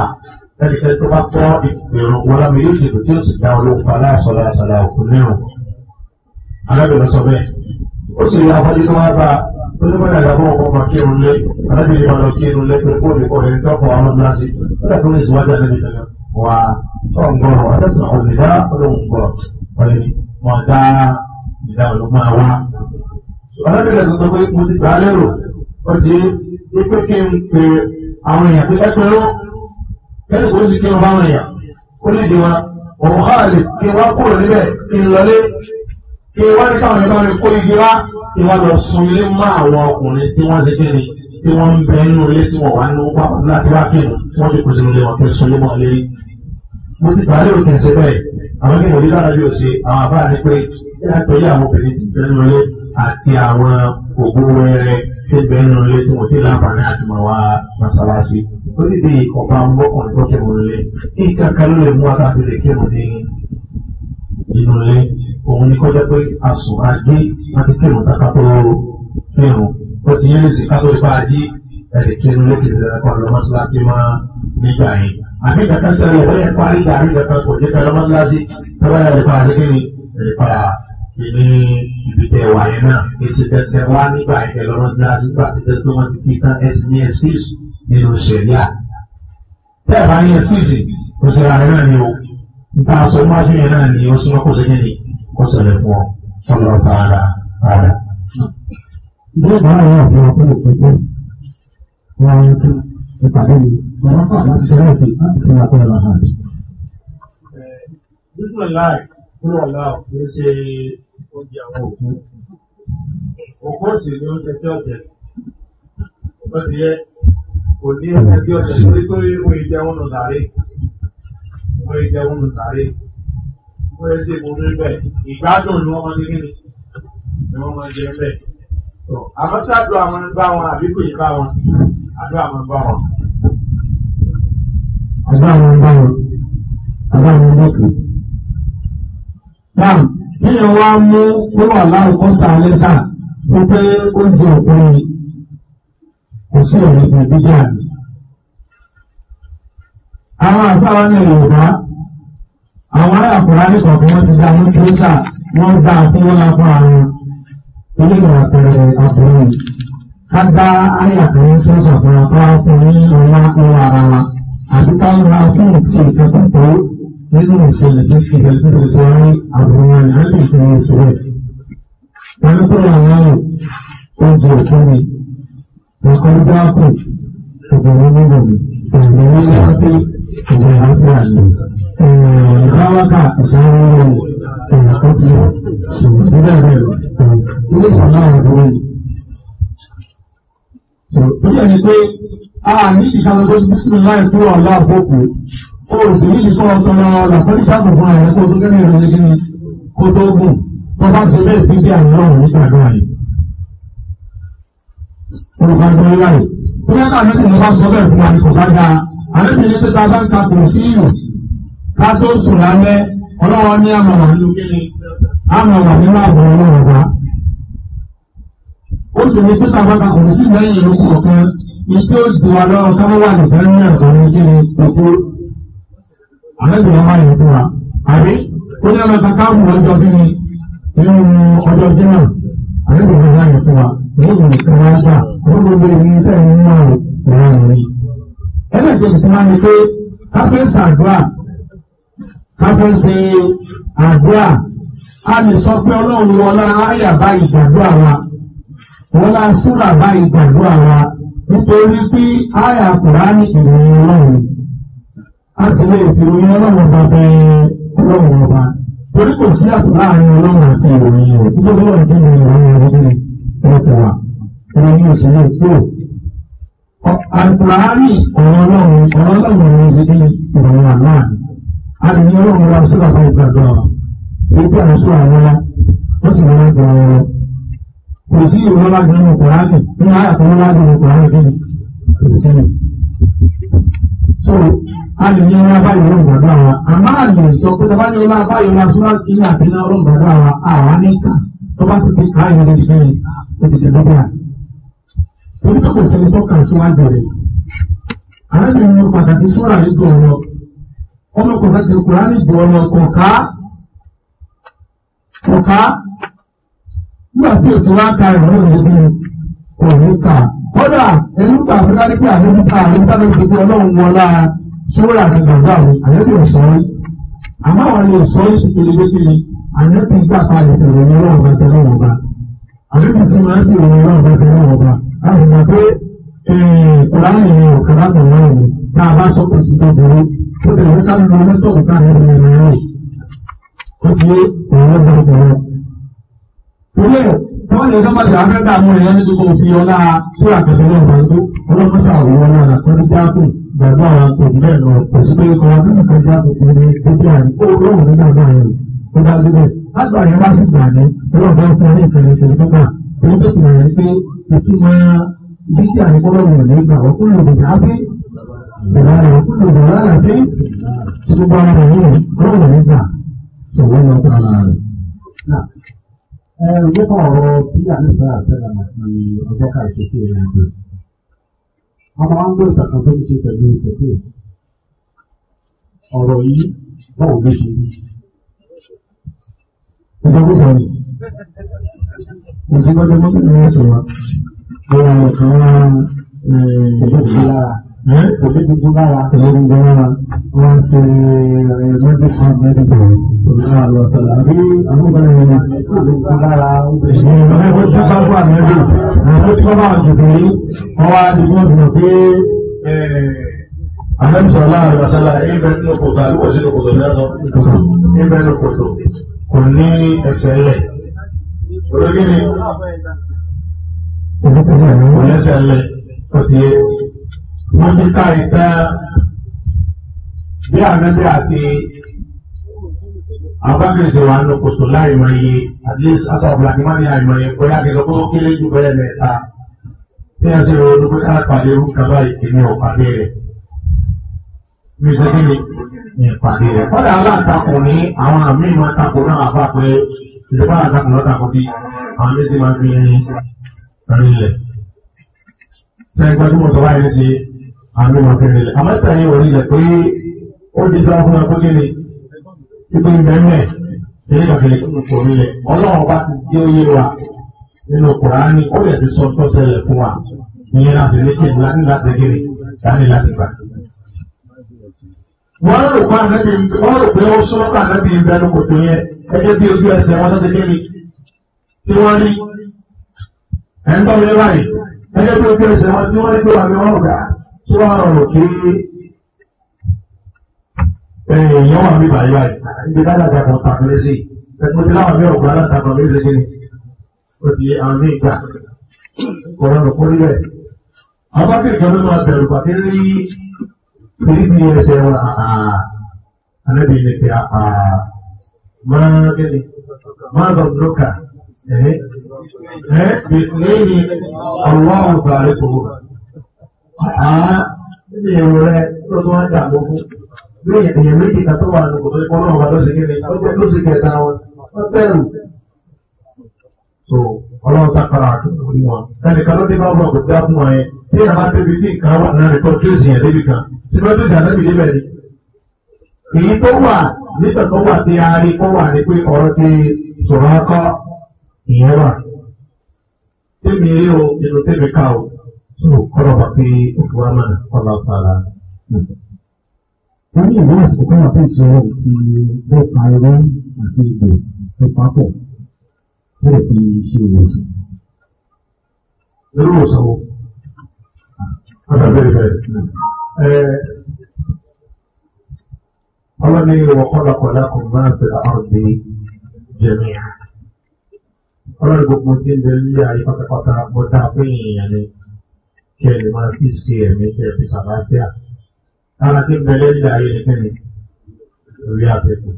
Ẹnikẹ́ni tó bá kọ́ ìpèrò wọlé mi yóò ṣètò tí yóò sì dá olóhùn pa aláṣọ aláṣọ aláṣọ ó sì yà wọlé tó wá bá a onímọ̀ ìyàwó ọkọ̀ ọmọ kírun lé alábìyẹn máa lọ kírun lé pé kó lè kọ́ ẹ̀ tọ́kọ̀ àwọn gíláàsì nígbà tó lè síwájú alábìyẹn tẹ̀lé wà ọ̀gbọ̀n àtẹ̀sán òmìnira olóńgbọ̀ wọlé ni wọ́n dá ìdá olóńgbọ̀ wá. alábìyẹn tó sọ pé mo ti gbà á lérò ó ti ní pé kí n pe àwọn èèyàn pé ẹ pẹ̀lú kẹ́lẹ́ kó sì kí n bá àwọn èèyàn ó lè dè wọn òun pé wọ́n ní káwọn ẹ̀bá mi kó igi wá kí wọ́n lọ sun ilé mọ́ àwọn ọkùnrin tí wọ́n ti gbé ni tí wọ́n ń bẹ nínú ilé tí wọ́n wá ní wọ́n pàpọ̀ láti wá kí ni tí wọ́n ti kó sínú ilé wọn pé sun ilé mọ́ ilé rí. mo ti bàálẹ̀ òkè ṣe bẹ́ẹ̀ àwọn kí wòlíì lára yóò ṣe àwọn àbá ní pé yàtọ̀lé àwọn obìnrin ti bẹ nínú ilé àti àwọn ògbó wẹrẹ tí bẹ nínú ilé tí wọ́n ti láǹfààní àti mọ̀ wá mọ́sálásí. ó ní bí ọba ń bọ́kùnrin tó kẹ́mu nílé nǹkan kan ló lè mú akáfílẹ̀ kẹ́mu ní inú ilé òun ni kọjá pé àsùn ajé láti kírun kápákó kírun ó ti yé lèsì kátó ipá ajé ẹ̀rẹ̀ kírun lókè ìdẹ́rẹ́kọ́ lọ́mọ́síláṣí máa nígbà yẹn àbí kankan sẹ́yìn wọ́n yẹ parí ìgbà àbí kankan kò ní kankan lọ́mọ́síláṣí tọ́lá yẹn lè pa àṣẹ kíni lè pa ìní ibi tẹ wà yẹn náà èsì tẹsẹ̀ wá nígbà yẹn lọ́mọ́síláṣí gbà tẹ́tẹ́ tó wọ́n ti kí tán ẹ̀sìn ní ẹ̀sìkìsì nínú kò sí ara náà ni o nǹkan aṣọ máṣú yẹn náà ni ó súnmọ́ kó sẹ́yìn ni ó ṣẹlẹ̀ fún ọ ọlọ́ bá ara ara. Ilé ìbára yóò fi ọpẹ́ ìpínlẹ̀ wọn ń tún ìpàdé mi. Bàbá fà láti ṣe láti láti ṣe àpẹẹrẹ lọ́sàn. Bísí láì kúrò ọ̀la kì í ṣe oúnjẹ àwọn òkú. Òkú òsì ni oúnjẹ tí ọ̀jẹ̀. Ó ti yẹ kò ní oúnjẹ ọ̀jẹ̀ nítorí oúnjẹ òun nù sàárè. Oúnjẹ òun nù sàárè wọ́n yẹ sí ìbò omi bẹ́ẹ̀ ìgbádùn ni wọ́n máa ní kíni ni wọ́n máa jẹ bẹ́ẹ̀. àmọ́ ṣáàdù àwọn bá wọn àbí kò yí bá wọn àdó àwọn bá wọn. àdó àwọn bá wọn àdó àwọn bá wọn. Báwo níyẹn wá mú kó wà láwùjọ sàlẹ̀ sà tó pé ó jẹ òpin ni kò sí ìrẹsì ìbílẹ̀ àná. Àwọn àfáwọn ní Yorùbá àwọn aláàkùnrin anìkọ̀ọ̀kan wọ́n ti dá wọ́n ti ń kà wọ́n gba àti wọ́n la fún àwọn onígbà àpẹẹrẹ àbúrò ká bá ayàkùn ní sẹ́ńsà fún wa ká fún ní ọlá ọwọ́ ara wa àbí ká ra fún ti ìkẹ́kọ̀ọ́ tó nínú ìṣẹ̀lẹ̀ tó fi ìṣẹ̀lẹ̀ tó fi sọ ní àbúrò wa ní àbí ìpinnu ìṣẹ̀lẹ̀ wọn ní kúrò àwọn àrùn oúnjẹ òkú mi nǹkan bí dáàbò òbí mi nílò káwáká ìsáwọ́rọ̀ ọ̀pọ̀ ṣùgbọ́n bẹ́ẹ̀ ló sọ̀rọ̀ àwọn ọ̀rọ̀ yìí. ó yẹ ni pé a ní ìṣàlọ́gbé bísí láì kúrò ọ̀la àkókò ó sì ní ìṣọ́ ọ̀tọ̀rọ̀ làkọ́lí sáàbù fún ààrẹ kó tó kẹ́rin ìrọ̀lẹ́ kí ni kó tó gùn tó bá ṣe bẹ́ẹ̀ sí bí àwọn ọ̀rọ̀ nípa àdúrà yìí. olùkọ́ àgbẹ̀rẹ̀ láì ó yẹ ká àdúrà àdébìnrin pé ta bá ń ta kò sí ìrò ká tó sùn lábẹ́ ọlọ́wọ́ ní àmàwà nínú kíni àmàwà nínú àbọ̀ ọlọ́wọ́ wa. ó sì ní pé ta bá ta kò sí lẹ́yìn ìlú kọ̀ọ̀kan ìdí ó di wa lọ́wọ́ ká wà nìkan ní àgbọ̀nrín kíni òkú. àdébìnrin wa yẹ fún wa àbí ó ní àmàta káàmù ọjọ́ kíni nínú ọjọ́ jimá àdébìnrin wa yẹ fún wa ní ìgbìmọ̀ kan wá gbà ó gbogbo ìrìn kejì fún wa ni pé káfíńsì àdúrà káfíńsì àdúrà a lè sọ pé ọlọ́run wọlá àyà báyìí gbàdúrà wa wọlá súrà báyìí gbàdúrà wa nítorí pé àyà kùránì ìròyìn ọlọ́run a sì lè fi ìròyìn ọlọ́run ọba bẹ ọlọ́run ọba torí kò sí àtúntò láàrin ọlọ́run àti ìròyìn rẹ̀ nítorí ọlọ́run ti ìròyìn ọlọ́run ọdún ní ìròyìn òṣèlú ìkúrò. Àlùkùránì ọ̀rọ̀ ọlọ́run ọ̀rọ̀ ọlọ́run ọ̀rọ̀ ìṣe ní ìrọ̀rùn àná àná. Àdùnní ọlọ́run wa sílọ̀ fún ìgbàgbọ́ wa. Ìgbà ìṣó àwọn wa, ó sì wọ́n sí àwọn wa. Kò sí ìwé láti nínú Kùránì, nínú àyàtọ̀ wọn láti nínú Kùránì níbi ìrìsẹ́yìn. So, àdùnní ọlọ́run wa báyìí ọlọ́run gbàgbọ́ wa. Àmọ́ àmì sọ pé tọ́ba ní ọlọ́run báyìí ọlọ́run súnmọ́ ilé àbí nígbà kò sẹ́ni tọ́ka síwájú rẹ̀ arábìnrin ní pàtàkì sọ́ra ní ju ọ̀nà ọmọ pàtàkì kùránì ju ọ̀nà kọ̀ọ̀ká kọ̀ọ̀ká nígbà tí ètò wa ka ẹ̀rọ ìlú òní kà kọ́dà ẹnu gbà fún dájú pé àwọn ọmọ ká àwọn dájú pé ọlọ́run wọn lára sọ́ra àti gbàgbà àwọn àyẹ̀bí ọ̀sán àmọ́ àwọn ni ọ̀sán yìí ti pèlè gbẹ́kẹ̀lé àyẹ̀bí gbà kalẹ̀ ìròyìn ọlọ́run bàtẹ́ náà wọ̀ bá àyẹ̀bí sì máa ń sì ìròyìn ọlọ́run bàtẹ́ náà wọ̀ bá a sì mọ̀ pé eh, kùránì ni ọ̀kan láti ọ̀nà ìlú bá a bá sọ́kùn sí tó burú ó lè wọ́n sáré lọ lẹ́tọ̀ọ̀ ká ní ìlú ìlú rẹ̀ ó fi òun lọ́gbà ìṣẹ̀lẹ̀. Ìwé wọ́n lè sọ́kùn sí afẹ́gbà mú ẹ̀yọ́ ní gbogbo òfin ọlá sóra kẹfẹ́ náà wà tó ọlọ́mọṣà òun ọlá àkọ́dé dáàbò gbàgbọ́ àwọn akọ̀dé bẹ́ẹ̀ lọ kò sí pé kọ́ akẹ́kọ̀ọ́ àkọ́kọ́ ní gbogbo àyè ó lóhùn nígbà náà yẹn ó dá lébẹ̀. Lágbà yẹn wá sí gbà ní ọlọ́ọ̀dọ́ fún ní ìkànnì ìfẹ́ wọ́n tó sì rẹ̀ pé ìtì máa bí kí àríkọ́lọ́wọ̀ nígbà ọkùnrin òdòdó àfi ìwà rẹ̀ ọkùnrin òdòdó àfi ṣùgbọ́n ara rẹ̀ yìí lọ́wọ́ nígbà ṣòwò lọ pa ara rẹ̀. ẹ nípa ọ̀rọ̀ bí àníṣe àṣẹlẹ̀ àti ọjọ́ ká ìṣesí ìrìn àjò ọmọ wa ń gbé ìtàkùn tó ń ṣe pẹ̀lú ìṣẹ̀kẹ́ ọ̀rọ̀ yìí báwo ló ṣe rí. ìṣàkóso mo ti gbọ́dọ̀ mọ́tò ní ẹ̀sìn wa pé àwọn kan wá òbí gbogbo lára òbí gbogbo lára ṣe mẹ́bí fún mẹ́bí bẹ̀rẹ̀ ṣùgbọ́n àlọ́ sọ̀rọ̀ àbí àmúgbọ́n ẹ̀rọ gbogbo ṣe mẹ́bí Oníṣẹ́lẹ̀ òdìye. Wọ́n ti ká ìtẹ́ bí àmẹ́bí àti àbábẹ̀sẹ̀ wà ní kòtò láìmọye àdílẹ́sì asàbùlà ní wọ́n ní àìmọye pẹ̀lú àgẹ́gẹ́ pé ó kéré jù bẹ́ẹ̀ mẹ́ta. Bí a ṣe rọ ọdún pé káà pàdé irú kan báyìí ọ̀pàdé rẹ̀. Mi ṣe ni ìpàdé rẹ̀. Kọ́dà aláǹtakùn ní àwọn àmì ìmọ̀ takùn náà àbá ìjọba àtàkùn lọ́ta kọfí àwọn méjì máa fi rìn lẹ̀ sẹ́gbẹ́ tó mọ̀ tọ́wá yẹn ṣe àmì wọn fi rìn lẹ̀ àmọ́ ìtàn yẹn wọlé ilẹ̀ pé ó di sọ́wọ́ fún ẹkọ́ kéde tí pé mẹ́mẹ́ èyí kàfẹ́lẹ́ kúrò kò rí lẹ̀ ọlọ́run bá ti dé oyé wa nínú kùránì ó lè ti sọ tọ́sẹ̀ lẹ̀ fún wa ìyẹn láti ní kéde láti láti kéde láti láti gbà wọ́n rò pé ànábì wọ́n rò pé ó súnmọ́ pé ànábì ìbẹnu kò tó yẹ ẹgbẹ́ bí ojú ẹsẹ̀ wọn tó ti kí ni tí wọ́n rí ẹ̀ ń tọ́lé báyìí ẹgbẹ́ bí ojú ẹsẹ̀ wọn tí wọ́n rí pé wà ní wọ́n rò gà tí ah, wọ́n rọrùn kí èèyàn wà bíbà yá ẹ̀ ibi dáadáa kan tàbí sí ẹgbẹ́ tí láwọn mẹ́rin ọ̀gbọ́n aláǹtakọ̀ lè ṣe kí ó ti àwọn ní Filipi ya ce wa annabi ne ke a ma gani ma zannuka eh eh bisnaini Allahu barikuhu a ne wure to to da mu ne ne ne ta to wa ko ko no ba do se ke ne to so ọlọ́run sàkàrà àtúntò orí wọn ẹnìkan ló dé bá wọn kò dá fún wọn yẹn bí àwọn adébí tí nǹkan wà náà nìkan tó sì yẹn débi kan síbẹ̀ tó sì ànábì débẹ̀ ni èyí tó wà nígbà tó wà tí a rí kó wà ní pé ọ̀rọ̀ ti sọ̀rọ̀ akọ́ ìyẹn wà tẹ́mi rí o nínú tẹ́mi ká o so kọ́lọ̀ wà pé òkú wa máa kọ́lọ̀ fara. wọ́n ní ìwé ẹ̀sìn kọ́lá tó jẹ́ ti bẹ́ẹ̀ bẹ́ẹ̀ fi ṣe ìrẹsì irú òṣòwò ọ̀dà bẹ́ẹ̀ bẹ́ẹ̀ ọlọ́ni ìwọ̀kọ́lọ́kọ̀lá kò máa bẹ̀rẹ̀ ọ̀gbìn jẹ̀mí ọlọ́ni gbogbo tí ń bẹ nílé ayé pátápátá bọ́tá pé èèyàn ni kí ẹ lè máa fi ṣe ẹ̀mí kí ẹ fi ṣàlàáfíà lára tí ń bẹ nílé ayé nìkan ni orí àtẹ̀kùn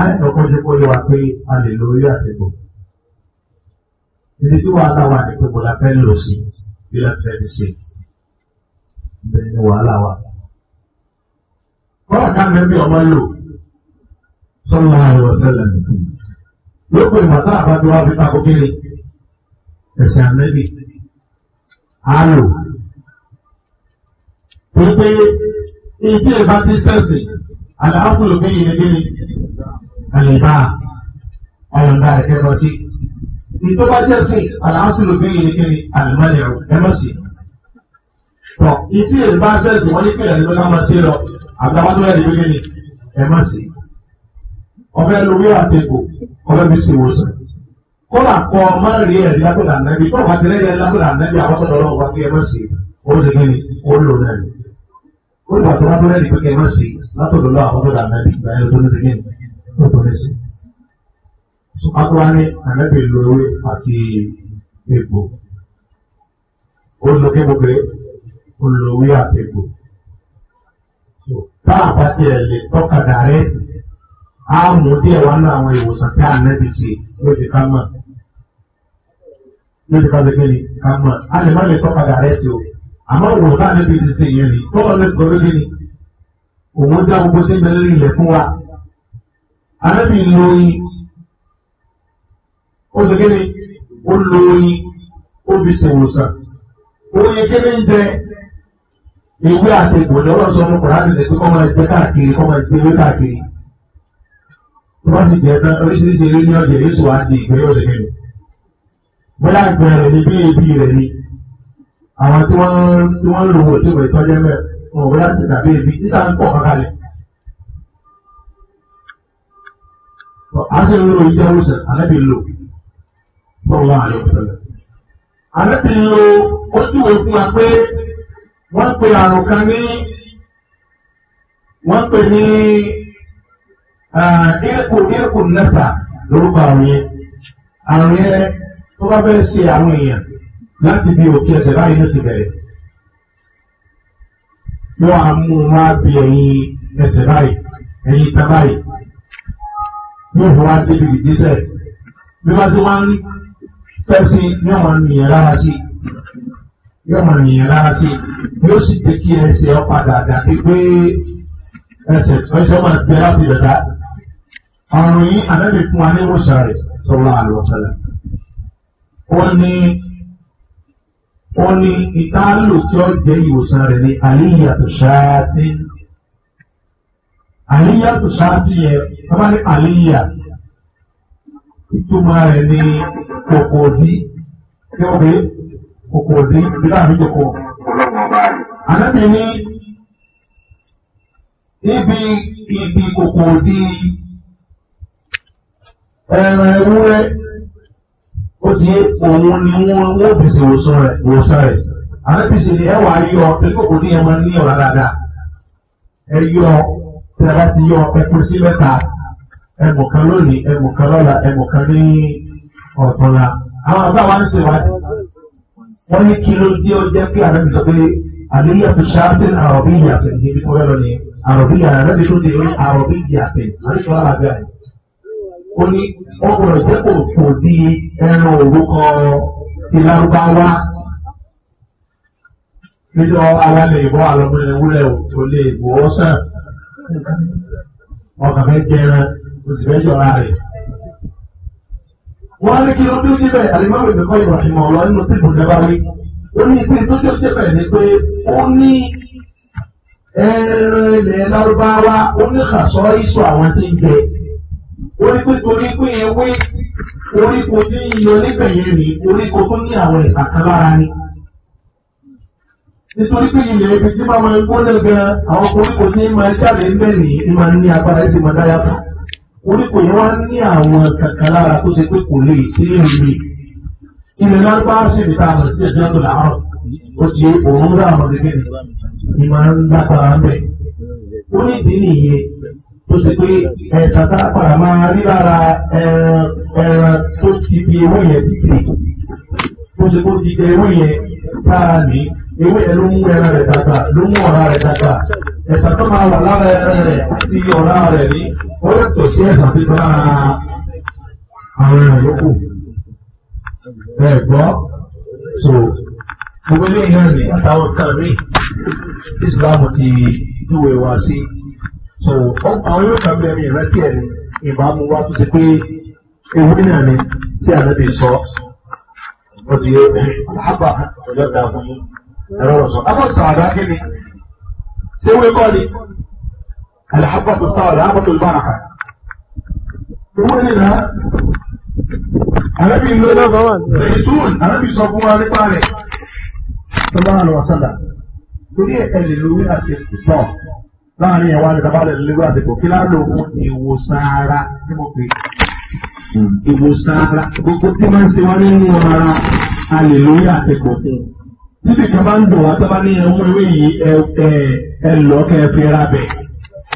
àìsànkọ́ ṣe kó yẹ wa pé a lè lo orí àtẹ̀kọ́. Ibi tí wàhálà wà ní pé mo la fẹ́ lò sí bí la fẹ́ ní sí. Bẹ́ẹ̀ ni wàhálà wà. Bọ́lá kan lẹ́bí ọmọ lò sọ́nà àìwọ̀ sẹ́lẹ̀ ní sí. Lópin ìgbà tá a bá ti wá fi takò kiri ẹ̀sìn àmẹ́bí á lò. Pé pé iye tí ẹ bá ti sẹ́sìn, àlàáfíà ló yìí ní kiri àlèbá ọlọ́dà ẹ̀kẹ́kọ̀ọ́ sí. Ìtọ́ bá jẹ́ sí àlàásìlò bí yìí nìkiri àlùmọ́nì ẹ̀rọ ẹ̀mọ́ sí. Tọ́ ìtí èyí bá sẹ́ẹ̀sì wọ́n ní pé ẹ̀rọ náà máa ṣe lọ àgbàwọ́n tó yẹ ní gbégbé ni ẹ̀mọ́ sí. Ọbẹ̀ lówó àpèkò ọbẹ̀ bí sì wòsàn. Kọ́lá kọ́ ọmọ rí ẹ̀rí lápẹ̀lá nẹ́bí kọ́ wá tẹ́lẹ̀ yẹn lápẹ̀lá nẹ́bí àwọn tó lọ́wọ́ wá pé ẹ̀mọ́ sí. Ó lè gbé ni ó lò náà ni. Ó lè wà nítorí sí. Akọ́wá ní ànábì lo ewé àti egbò. Ó lo kí gbogbo ó lo ewé àti So, Bá àbátí ẹ̀ lè tọ́ka dàrẹ́tì, á mú díẹ̀ wá ní àwọn ìwòsàn tí ànábì ṣe lóde ká mọ̀. Lóde ká gbẹgbẹ́ ni ká mọ̀. A lè má lè tọ́ka dàrẹ́tì o. Àmọ́ wò bá ànábì ti ṣe ìyẹn ni, tọ́wọ́ lè gbọ́ lóde Òun dá gbogbo sí ìbẹ̀rẹ̀ ilẹ̀ fún wa àrẹ́bì lóyìn ó sì kéde ó lóyìn ó fi ṣèwòsàn oyin kéde ń jẹ ewé àtẹ̀gbò ní ọlọ́sọ ọmọ kọ̀ọ̀rán nílẹ̀ pé kọ́ máa jẹ káàkiri kọ́ máa jẹ ewé káàkiri tó bá sì jẹ tán oríṣiríṣi eré ní ọ̀jẹ̀ yóò sọ wá di ìgbẹ́ ọ̀dẹ̀ mẹ́rin bóyá ìgbẹ́ rẹ̀ ni bí ebi rẹ̀ ni àwọn tí wọ́n ń lò wò tí wọ́n ìtọ́jẹ́ mẹ́rin wọn ò bóyá ti tàbí ebi nísà a sì ń lo ìjẹunṣẹ ànábì lò sọlá àyọsẹlẹ ànábì lò ojúwe fún wa pé wọn pe àrùn kan ní wọn pe ní irkù irkù nẹsà lórúkọ àrùn yẹn àrùn yẹn tó bá fẹ́ ṣe àwọn èèyàn láti bí òkè ẹsẹ̀ báyìí ló yóò fún wa débi ìgbésẹ̀ bí wọ́n ti wá ń pẹ́ sí yóò máa nìyẹn lára sí yóò máa nìyẹn lára sí yóò sì jẹ́ kí ẹsẹ̀ ọ padà dàbí pé ẹsẹ̀ ẹsẹ̀ máa gbé láti rẹ̀ dá ọ̀run yìí ànábì fún wa ní ìwòsàn rẹ̀ sọ̀rọ̀ àlọ́sọ̀lá wọ́n ní wọ́n ní ìtàlù tí ó jẹ́ ìwòsàn rẹ̀ ní àlíyàtọ̀ ṣáá tí ń àríyá tó ṣáàtì yẹ bàbá ní àríyá ìtumọ̀ rẹ̀ ní kòkò òdí tí ó rí kòkò òdí bí láàrin kòkò. Ànábì ní níbi ibi kòkò òdí ẹran ewúrẹ́ ó ti òun ni wọ́n wọ́n bèsè òsàn rẹ̀ òsàn rẹ̀. Ànábì sì ni ẹwà yọ pé kòkò òdí yẹn máa ń ní ọ̀rá dáadáa. Ẹ tí a bá ti yọ ẹkùn sí mẹ́ta ẹgbùn kan lónìí ẹgbùn kan lọ́la ẹgbùn kan ní ọ̀tọ̀la àwọn àbá wa ń ṣèwádìí wọ́n ní kí ló dé ó jẹ́ pé àrẹ́bí sọ pé àléyà tó ṣáàtì àròbí ìyàtì níbi tó wẹ́rọ ni àròbí ìyàtì àrẹ́bí tó dé ó ní àròbí ìyàtì àríṣọ́ àlàáfíà yìí ó ní ọkùnrin jẹ́ kò fò di ẹran òrukọ ìlárúbáwá nítorí àwọn àlẹ́ ìbọn àlọ́mọ ìwúrẹ́ ò tó lè bọ́ sàn ọkàn fẹ́ jẹran oṣù fẹ́ yọra o wọ́n que ní kí ló dúró níbẹ̀ àlèmọ́rò ìbẹ̀kọ́ ìbọ̀fìmọ̀ ọ̀rọ̀ nínú tí ìbùdó bá wí. ó ní ìpín tó dúró débẹ̀ ni pé ó ní ẹran ilẹ̀ lárúbáwá ó ní kàṣọ́ ìṣọ àwọn tí ń jẹ. ó ní pé torí pé ewé oríko tí ń yọ níbẹ̀ yẹn ni oríko tó ní àwọn ẹ̀sà kan lára ni nítorí pé ilẹ̀ ibi tí bá máa ń gbọ́dọ̀ gan àwọn koríko tí máa jáde ń bẹ̀ ní máa ń ní agbára sí máa dáyà tó koríko yẹn wá ní àwọn kankan lára tó ṣe pé kò lè ṣe é lè ilẹ̀ lárúbá sì ní ká àmọ̀ sí ẹ̀jẹ̀ tó làárọ̀ ó ti òun rà àwọn gẹ́gẹ́ ni máa ń dábàá ń bẹ̀ ó ní ìdí nìyẹn tó ṣe pé ẹ̀sà tá a padà máa rí lára ẹran tó ti fi ewé yẹn dìde tó ṣe kó ti ewé yẹn ewé yẹn ló mú ẹran rẹ̀ dàgbà ló mú ọ̀rá rẹ̀ dàgbà ẹ̀sà tó máa wà lára ẹran rẹ̀ àti ọ̀rá rẹ̀ ní ó sí ẹ̀sà sí lára àwọn ẹran yòókù ẹ gbọ́ so gbogbo ilé yẹn ní àtàwọn kan rí Islam ti júwe wá sí so àwọn yóò kàn bí ẹni ìrántí ẹni ìbámu wa tó ti pé ewé náà ni tí àná ti sọ wọ́n ti yé ọ̀làbà ọ̀jọ̀ dàgbà yìí ẹ̀rọ sọ afọ sàwádà kí ni ṣé wọ́n kọ́ ni alahabatu sàwádà abatu baraka owó ni nà alábi ìlú zaitun alábi sọ fún wa nípa rẹ̀ sọlá àlùwàsálà torí ẹ̀ lè lórí àti ìtọ́ láàrin ẹ̀wà àti ìtàbálẹ̀ lórí àti ìtọ́ kí láàlú ìwòsàn ara ní mo pè ìwòsàn ara gbogbo tí máa ń ṣe wá nínú ara a lè fún un títí kan bá ń dùn wá tó bá ní ẹmú ewé yìí ẹ ẹ lọ kẹ ẹ fi ra bẹ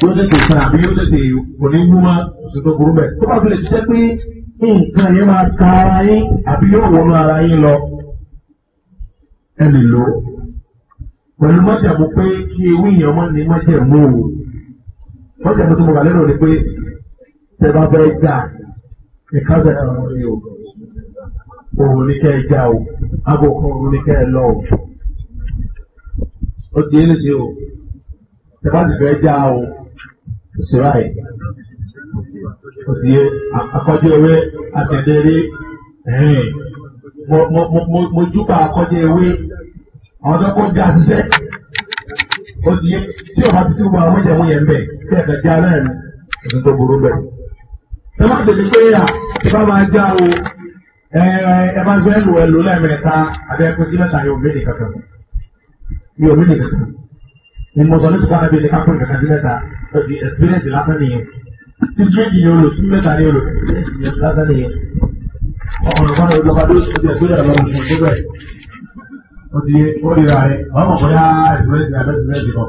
yóò tètè sàn àbí yóò tètè kò ní wú mọ ṣùgbọ́n burú bẹ tó bá fi lè jẹ́ pé nǹkan yẹn máa ta ara yín àbí yóò wọnú ara yín lọ ẹ lè lò ó pẹ̀lú pé kí ewé yẹn wọ́n ní mọ́jàmú o mọ́jàmú tó mo wà lérò ni pé tẹ bá fẹ́ jà ìkásẹ̀ ẹ̀rọ yìí o òun ní kẹ́ já o aago kan òun ní kẹ́ lọ o ó di eléṣe o tẹ̀fásì fẹ́ já o òṣèrà yìí ó di akọ́jú ewé àṣẹ̀dẹ̀rẹ́ ẹ̀hìn mo júbà akọ́jú ewé àwọn tó kó já ṣiṣẹ́ ó di tí o bá ti sí gbogbo àwọn ìjẹ̀mú yẹn bẹ̀ kí ẹ̀ka já náà ní ìdúgbò burú bẹ̀. tẹ̀fásì mi já o ẹ̀ẹ́dẹ́gbẹ́ lu ẹlò lẹ́ẹ̀mẹ́ta àbí ẹkùn sí mẹ́ta yóò bí nìkan kan yóò bí nìkan kan ni mo sọ ní sùpá náà bí nìkan kún nìkan sí mẹ́ta ọ̀dì experience lásán nìyẹn sí twenty yóò lò sí mẹ́ta yóò lò lásán nìyẹn ọkùnrin kan ló lọ́ba lóṣù tó ti ẹgbẹ́ rẹ̀ lọ́wọ́ fún gbogbo ẹ̀ ó ti ó rí ra rẹ̀ ọmọ bóyá experience àbẹ́ experience kan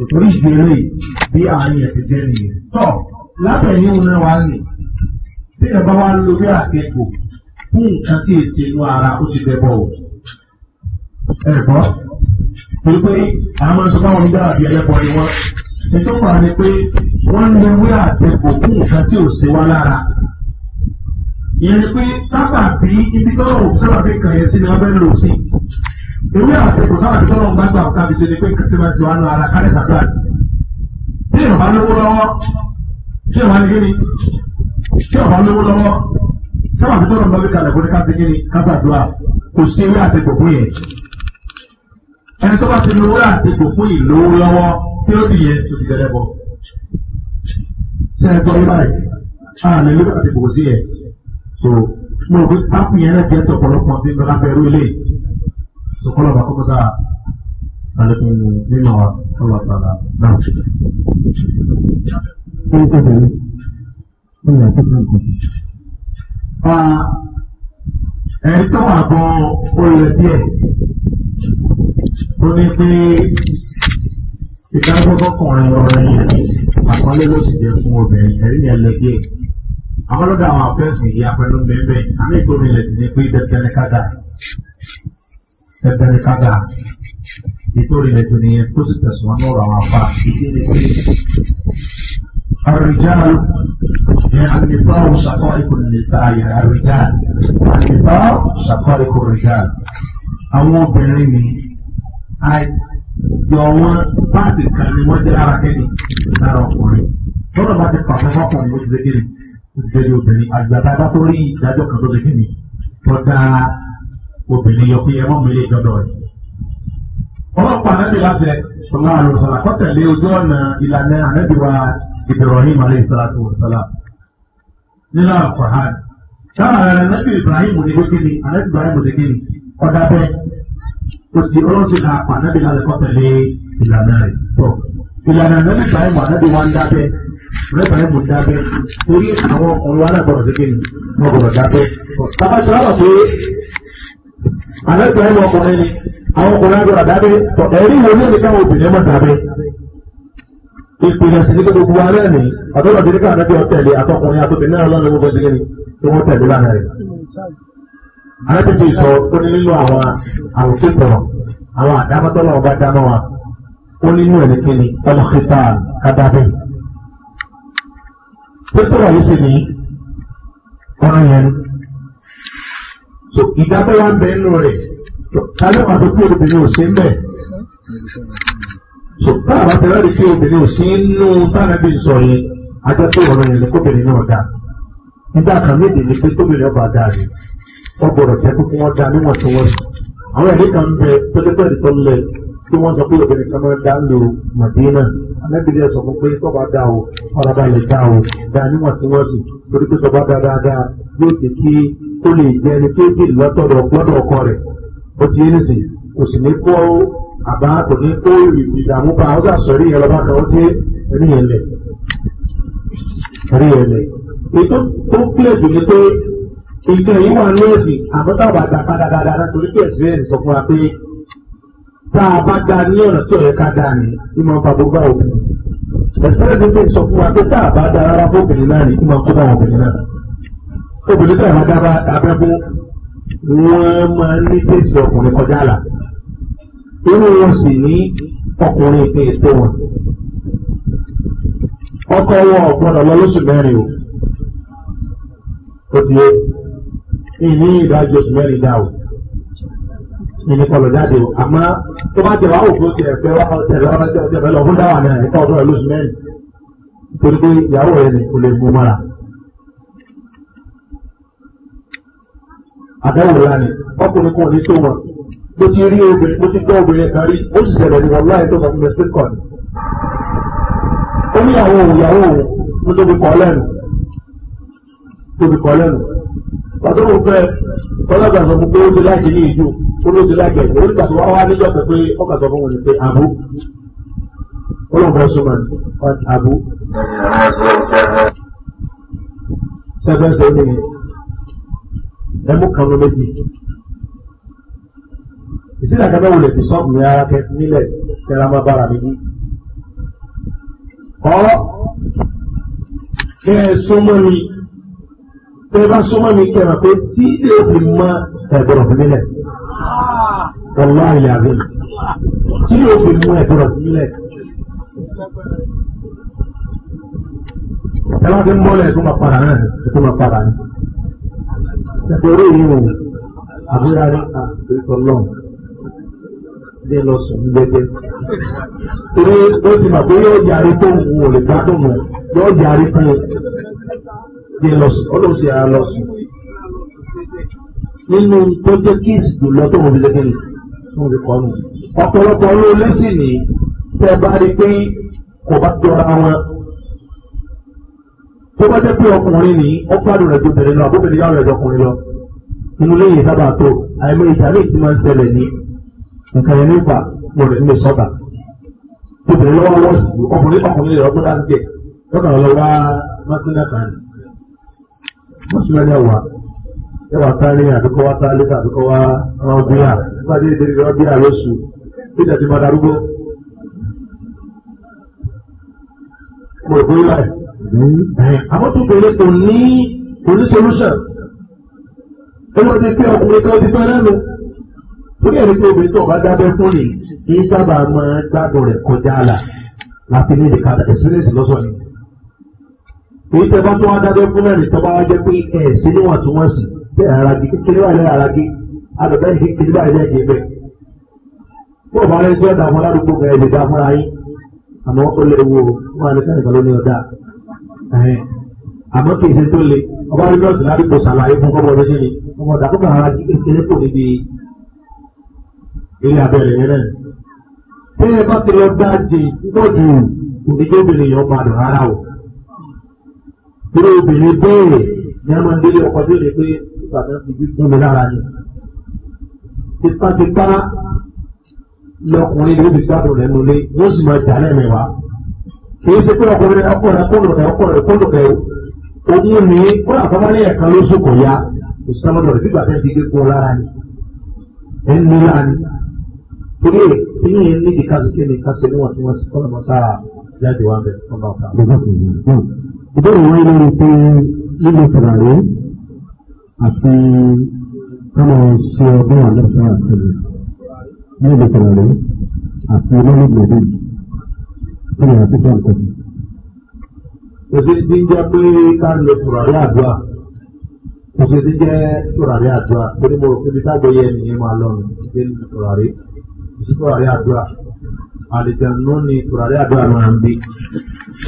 òtòrí ìgbéró yìí bí àárín ẹ̀sìn jẹ́ nìyẹn tọ́ lábẹ́ yíwọ́n náà wá nìyẹn bí ẹ bá wá lo bí àkẹ́kọ̀ọ́ fún nǹkan tí èsì inú ara ó ti bẹ̀ bọ̀ o. ẹ gbọ́ pé pé àwọn máa ń sọ fáwọn onígbà àbí ẹlẹ́bọ̀ ni wọ́n ẹ tó ni pé wọ́n lo wí àkẹ́kọ̀ọ́ fún nǹkan tí ò ṣe wá lára. ìyẹn ni pé sábà bí ibi tọ́lọ̀ òkú sábà bí kàn yẹn sí ni wọ́n fẹ́ lò sí. ewé àkẹ́kọ̀ọ́ sábà bí tọ́lọ̀ gbàgbà òkú àbí ṣe ni pé kàtẹ́ máa ṣe wà nù ara tí ọ̀bá lówó lọ́wọ́ sábà tó tọ́lọ̀ lọ́wọ́ kalẹ̀ fún ká segin ni ká sàdúrà kò sí ewé àti kòkó yẹn ẹni tó bá ti lówó àti kòkó yìí lówó lọ́wọ́ tí ó di yẹn tó ti gẹ́gẹ́ bọ̀ ṣe é gbọ́ yí báyìí àlẹ́ lówó àti kòkó sí yẹn so mo rò pé pápù yẹn náà jẹ́ tọ̀pọ̀lọpọ̀ tí mo lábẹ́ irú ilé sọkọlọ bá kókó sáà alẹ́kùn mímọ́ wa ọlọ́ọ̀tà náà ní ẹ̀ tẹ́sán kọ̀sì. ẹ̀rí tó wà gan olè díẹ̀ ó ní pé ìdágbọ́gbọ́kùnrin ọ̀rọ̀ yẹn àpọ́nlé ló sì jẹ́ fún obìnrin ẹ̀rí yẹn lọ díẹ̀ àwọn lọ́dọ̀ àwọn afẹ́sìn yìí apẹ́nu bẹ́ẹ̀ àmì ìgbóni lè ní pé dẹ́tẹ́ni kága dẹ́tẹ́ni kága ìtòrí lè dùn nìyẹn tó sì tẹ̀sán náà ọ̀rọ̀ àwọn afá ìdí sí الرجال يعني النساء شقائق النساء يعني الرجال النساء شقائق الرجال àwọn obìnrin ni àjọ wọn báàsì kan ni wọ́n jẹ́ ara kẹ́ni lára ọkùnrin lọ́dọ̀ bá ti pàṣẹ fọ́kùnrin ó ti dé kíni ó ti dé obìnrin àgbàdo bá tó rí ìdájọ́ kan tó dé kíni tó dá obìnrin yọ pé ẹ mọ́ mi lé dọ́dọ̀ rẹ̀. ọlọ́pàá anábì láṣẹ ọlọ́run sọ̀rọ̀ àkọ́tẹ̀lé ojú ọ̀nà ìlànà anábì wa Ibrahim alayhi salatu wa salam nínú àkùrán táwọn ará Ibrahim ní kékeré Ibrahim ní kékeré ọ̀dà bẹ́ẹ̀ kò sí ọlọ́sìn náà pa anábì náà lẹ́kọ́ tẹ̀lé ìlànà rẹ̀ tọ̀ ìlànà anábì Ibrahim anábì wa ń dábẹ́ anábì Ibrahim ń dábẹ́ torí àwọn ọkùnrin wa náà gbọdọ̀ sí kékeré wọn gbọdọ̀ dábẹ́ pé anábì Ibrahim ọkùnrin ni àwọn ọkùnrin wa gbọdọ̀ dábẹ́ ẹ̀rí wo ní ẹ̀rí káwọn obìnrin mọ̀ dábẹ́ ìpìlẹ̀ sí ní pé gbogbo ara ẹ̀ ní àtọ́nà tí nípa àdájọ́ tẹ̀lé àtọkùnrin àtọ́kùnrin náà lọ́nà gbogbo ṣe kíni tí wọ́n tẹ̀lé lánàá rẹ̀. Alábí sì sọ ó ní nínú àwọn àròkè tọ̀rọ̀ àwọn àdámọ́tọ́lọ́ ọba dáná wa ó nínú ẹ̀ní kíni ọlọ́kítà kábàbẹ̀. Pétérò yìí sì ní ọ̀rọ̀ yẹn ni. So ìdábọ̀ wa ń bẹ nínú rẹ̀ tálẹ́ ṣùgbọ́n àwọn tẹ̀lé rí pé obìnrin ò sí inú tánàbí sọ yẹn ajá tó ọ̀rọ̀ yẹn ní kóbìnrin náà dá nígbà kan méje ni pé kóbìnrin ọba dá rè wọ́n gbọ́dọ̀ jẹ́ pé kí wọ́n dá níwọ̀n tí wọ́n sùn àwọn ẹ̀rí kan bẹ pẹ́lẹ́pẹ́lẹ́ tó lẹ̀ tí wọ́n sọ pé obìnrin kan máa dá lò màdínà anábìlẹ̀ sọ fún pé tọ́ba dá o ọ̀rọ̀ba lè dá o dá níwọ̀n tí wọ́n sì torí pé tọ́ba dá dáadáa yóò jẹ́ kí ó lè jẹ́ ẹni tó dì lọ́tọ̀ọ̀dọ̀ ọ̀pọ̀lọpọ̀ ọkọ rẹ̀ ó ti yé nísìnyí kò sì ní kó àbá kò ní kó ìdààmú pa ó sàṣọrí yẹn lọ́ba kan ó dé rí yẹn lẹ̀ ni pé ìgbà yìí wà lọ́ọ̀sì àbọ̀tàwà ni ìmọ̀ bá gbogbo àwọn obìnrin ẹ̀sìn ẹ̀ sì sọ fún wa pé tá a bá da rárá fún obìnrin náà ni ìmọ̀ kó bá àwọn obìnrin náà obìnrin tá a bá dábàá abẹ́ fún wọn máa ń ní tẹ̀sí irú wọn sì ní ọkùnrin ìpín ètò wọn ọkọ wọn ọ̀gbọ́dọ̀ lọ lóṣù mẹ́rin o ó ti yé ní ní ìdájọ́ oṣù mẹ́rin dá o ní kọlọ̀ jáde o àmọ́ tó bá ti wá òkú ó ti ẹ̀fẹ́ wá tẹ̀lé ọ̀rẹ́ tí ọ̀tẹ̀ lọ fún dáwà náà nípa ọ̀dọ́ rẹ̀ lóṣù mẹ́rin nítorí pé ìyàwó rẹ̀ ni kò lè mú mọ́ra àbẹ̀wò lánìí ọkùnrin kan ní tó wọn mo ti rí obìnrin mo ti gbọ́ obìnrin kan rí ó sì ṣẹlẹ̀ ní wàhálà ẹ̀ tó fà mílẹ̀ síkọ̀ ni. ó ní àwọn òyàwó òun ló tóbi kọ́ lẹ́nu tóbi kọ́ lẹ́nu pàtó mo fẹ́ kọ́lágbà sọ fún pé ó ti láti ní ìjó ó ló ti láti ẹ̀kọ́ ó nígbà tó wá wá níjọ́ pé pé ọkà sọ fún wọn ni pé àbú ó lọ́n fẹ́ súnmọ́ ni àbú. sẹ́fẹ́ sẹ́fẹ́ ẹ̀mú kan ló méjì ìsìlẹ̀ kẹfẹ́ wọlé fi sọ́ọ̀bù mi ara kẹ nílẹ̀ kẹra máa bára mi ní. ọ kẹ ẹ súnmọ́ mi kẹ ẹ bá súnmọ́ mi kẹ ẹ máa pé tí ilé òfin mọ ẹ̀gbọ́n fún mi lẹ̀ ọlọ́ ilẹ̀ àbẹ̀ tí ilé òfin mọ ẹ̀gbọ́n fún mi lẹ̀. ẹ bá ti ń mọ́lẹ̀ tó máa padà náà tó máa padà ní. ṣètò yìí wò àbúrò àríkà ìtọ́lọ́ọ̀ bẹ́ẹ̀ lọ sùn gbẹgbẹ́. Torí ó ti mọ̀ pé yóò yarí tó ń wò lè gbádùn los. yóò yarí fún un. Bẹ́ẹ̀ lọ sùn, ó lóun ti yàrá lọ sùn. Nínú tó jẹ́ kí ìsìnkú lọ tó wọ́n fi lẹ́gbẹ̀ẹ́ tó wọ́n fi kọ́ nù. Ọ̀pọ̀lọpọ̀ ló lẹ́sìn ní tẹ́ bá rí pé kò bá jọra wọn. Tó bá jẹ́ pé ọkùnrin ní ó gbádùn rẹ̀ tóbìnrin lọ, àbóbìnrin yàrá sábà tó, àìmọ̀ ìtàlẹ́ ìtì ń ṣẹlẹ̀ ní nǹkan yẹn nípa gbọ́dọ̀ nílé sọta obìnrin lọ́wọ́ lọ́wọ́ sí ọkùnrin ọkùnrin rẹ̀ ọgbọ́dọ̀ àti ẹ̀ lọ́kàn lọ wá mákínà kan mákínà yà wá yà wá tá léyìn àbíkọ́ wá tá léyìn àbíkọ́ wá rọ́bíà nígbà tí èdè rọ́bíà lóṣù nígbà tí mo darúgbó. mo rò bóyá ẹ̀ àmọ́ tó bẹ̀rẹ̀ kò ní oní solution ó wọ́n ti pé ọkùnrin kan ti fẹ́ lẹ́nu torí ẹni pé obìnrin tó bá dábẹ́ fún ni kì í sábà máa gbádùn rẹ̀ kọjá àlà láti ní ìdíkà experience lọ́sọ̀ ni. èyí tẹ́ bá tún wá dábẹ́ fún náà nìkan bá wá jẹ́ pé ẹ̀ sí níwọ̀ntúnwọ̀nsì bẹ́ẹ̀ aragi kékeré wà lẹ́yìn aragi àdàbẹ́ yìí kékeré wà lẹ́yìn ẹ̀jẹ̀ bẹ́ẹ̀. bó o bá rẹ tí ó dà fún aládùúgbò gan ẹ̀ lè dà fúnra yín àmọ́ ó lè wo wọn ní káyọ̀ ló ní ọ̀dà àmọ́ kì í ṣe tó le ọba rí nọ́ọ̀sì ládùúgbò ṣàlàyé fún kọ́mọdé kí ni ọmọdé àkọ́kọ́ aragi kékeré kò níbi eré abẹ́rẹ́ yẹn náà. bí ẹ bá ti lọ dáadé púpọ̀jù òṣìṣẹ́bìnrin yẹn padà rárá o. irú obìnrin bẹ́ẹ̀ ni a máa ń délé ọkọ̀ tó lè pé ìgbàgbọ́ ti fi fún mi lára ni. tipátipá lọkùnrin ló ti gbádùn rẹ̀ nulẹ̀ wọ́n sì máa jà lẹ́mẹ̀wá. kì í ṣe pé ọkùnrin ọkùnrin ọkùnrin ọkùnrin ọkùnrin òun ni kó àbámálẹ̀ ẹ̀ka lóṣù kò ya òṣìṣẹ́ lọ́dọ̀ rẹ̀ nígbà tẹ́ ti gé kó lára ni ẹ̀ ń lóra ni torí ẹ̀ inú yẹn níbi kásìkè ní kásìkè ní wàsíwàsí kọ́nà mọ́tà jáde wà bẹ̀ ọba ọ̀tá. ìbéèrè wọn lórí pé nínú tìràrí àti káwọn ṣe ọdún àlọ́sọ̀rọ̀ àṣẹlẹ̀ nínú tìràrí àti lọ́lọ́gbẹ̀dẹ̀ kí ni àti fún àkọsí. kò sí ti ń jẹ́ pé Oṣù tí jẹ́ sọ̀ràrí àdúrà, torí mo rò pé ibi tágbó yẹ nìyẹn máa lọ nìyẹn ní sọ̀ràrí. Oṣù sọ̀ràrí àdúrà, àlìjànú ni sọ̀ràrí àdúrà máa ń bí.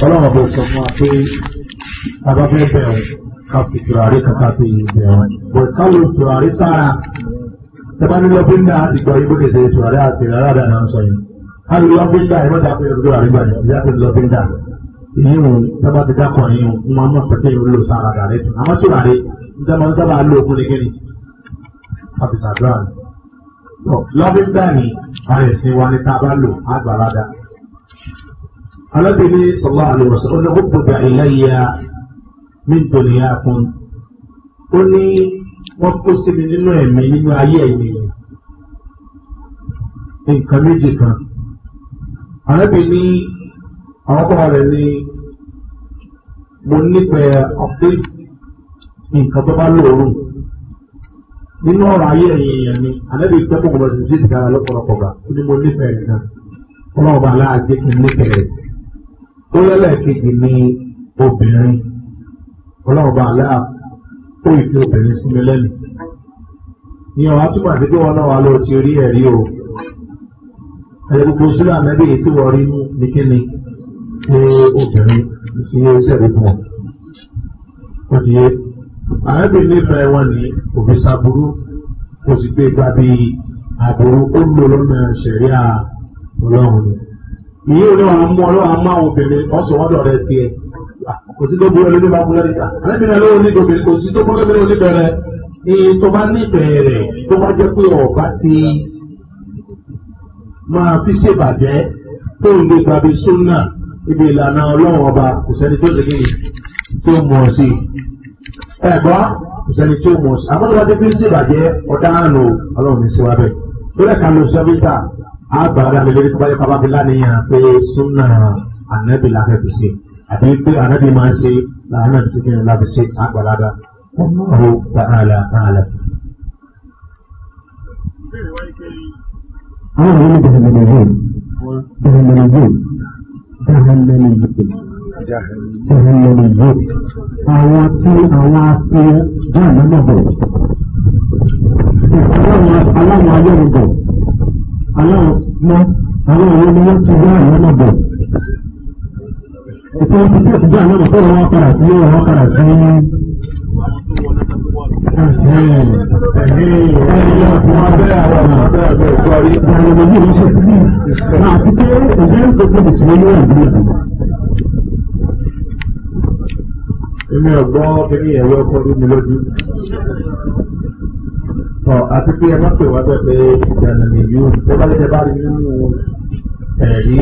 Ọlọ́run bò sọ fún wa pé tábà fẹ́ bẹ̀rù ká fi sọ̀ràrí kàkà sí ìbẹ̀rù. Bọ̀ káwọn sọ̀ràrí sára, tẹ́bá ní lọ bíńdà àti gbọ́ ibú kèsè sọ̀ràrí àti ìrẹ́rẹ́ àdá náà sọ yìí. Ká ló lọ bíńdà ìmọ̀ta fún ìrẹ́rẹ́ àrígbà yìí, ìyá ìyíwò sábà ti dákọ̀ yín o wọn mọ̀ pẹ̀lú ìwé lò sára rà rẹ̀ àmọ́ tí wàá rí nígbà wọn sábà lo okun ní kíni àbísàdúrà ni. lọ́bí gbà ní ààrẹ sí wa ní tá a bá lò àgbàládà. alábìíní sọlá àlùwọ̀sán ó ní ó gbọdọ̀ ìlẹ́yà mí dòníyà fún ó ní wọ́n kó sí mi nínú ẹ̀mí nínú ayé ènìyàn nǹkan méjì kan. alábìíní àwọn kọ́ra rẹ̀ ní mo nífẹ̀ẹ́ ọ̀pẹ́ nǹkan tó bá lóòrùn nínú ọ̀rọ̀ ayé ẹ̀yìn èèyàn ni àlẹ́bí pẹ́ kókò bọ̀dọ̀ sí ìdára lọ́pọ̀lọpọ̀ gbà ó ní mo nífẹ̀ẹ́ rẹ̀ náà ọlọ́run bá aláàgbé kí n nífẹ̀ẹ́ rẹ̀ ó lẹ́lẹ́kejì ni obìnrin ọlọ́run bá aláà ó ìfi obìnrin sí mi lẹ́nu ìyẹn wàá túmọ̀ sí pé wọn náà wà lọ ti rí ẹ̀rí o ẹ̀rí gbogbo sílẹ̀ àlẹ́bí èyí tó wọ rí ní kíni tí obìnrin ti yé sẹ́rí fún ọ. Ó ti yé. Àrábìnrin nífẹ̀ẹ́ wọn ní òbí sábúrú kò sì gbé gba bí àbúrú ó lò lọ́nà ṣẹ̀ríà ọlọ́run ni. Ìyí ò ní wọn mú ọlọ́run mú àwọn obìnrin ọ̀sán ọ̀dọ̀ rẹ tiẹ̀. Kò sí tó burú ẹni tó bá mú lẹ́rìí ká. Àrábìnrin ló ní obìnrin kò sí tó burú ẹni tó bẹ̀rẹ̀. Iye tó bá nífẹ̀ẹ́ rẹ̀ tó bá jẹ́ pé ọ̀bá ti máa fi ṣèbàjẹ́ tó ń lè gbàgbé sónà ibi ìlànà ọlọ́run ọba kò sẹ́ni tó lè gbìn tó mọ̀ sí ẹ̀gbọ́n kò sẹ́ni tó mọ̀ sí àmọ́ tó bá dé fi ń ṣèbàjẹ́ ọ̀daràn o ọlọ́run ní síwá bẹ́ẹ̀ tó lẹ́ka lọ sọ́bítà àgbà adáni lórí kọ́báyé kábàbí lánìyàn pé súnà ànábì làfẹ́ fi ṣe àbí pé ànábì máa ń ṣe làánà tó kẹ́yìn láfi ṣe àgbà ọ̀rọ̀ tààlà tààlà. àwọn ọmọ mi bẹ̀rẹ̀ jahannam yìí jahannam yìí àwọn tí àwọn àti jahannam bọ̀ aláwọ̀ ayọ̀rọ̀ bọ̀ aláwọ̀ mọ́ àwọn àwọn ọmọ ti jahannam bọ̀ ètò ìfipẹ́sì jahannam bọ̀ wọ́n padà sí wọ́n padà sí àti pé ǹjẹ́ gbogbo mùsùlùmí ló wà nílẹ̀. Èmi ọ̀gbọ́n kíní ẹ̀rọ ọkọ̀ ló mi lójú. Ọ̀ àti pé ẹ má pè wá bẹ́ẹ̀ pé ìjànà nìyí o. Ẹ bá lẹ́jẹ̀ bá rí nínú ẹ̀rí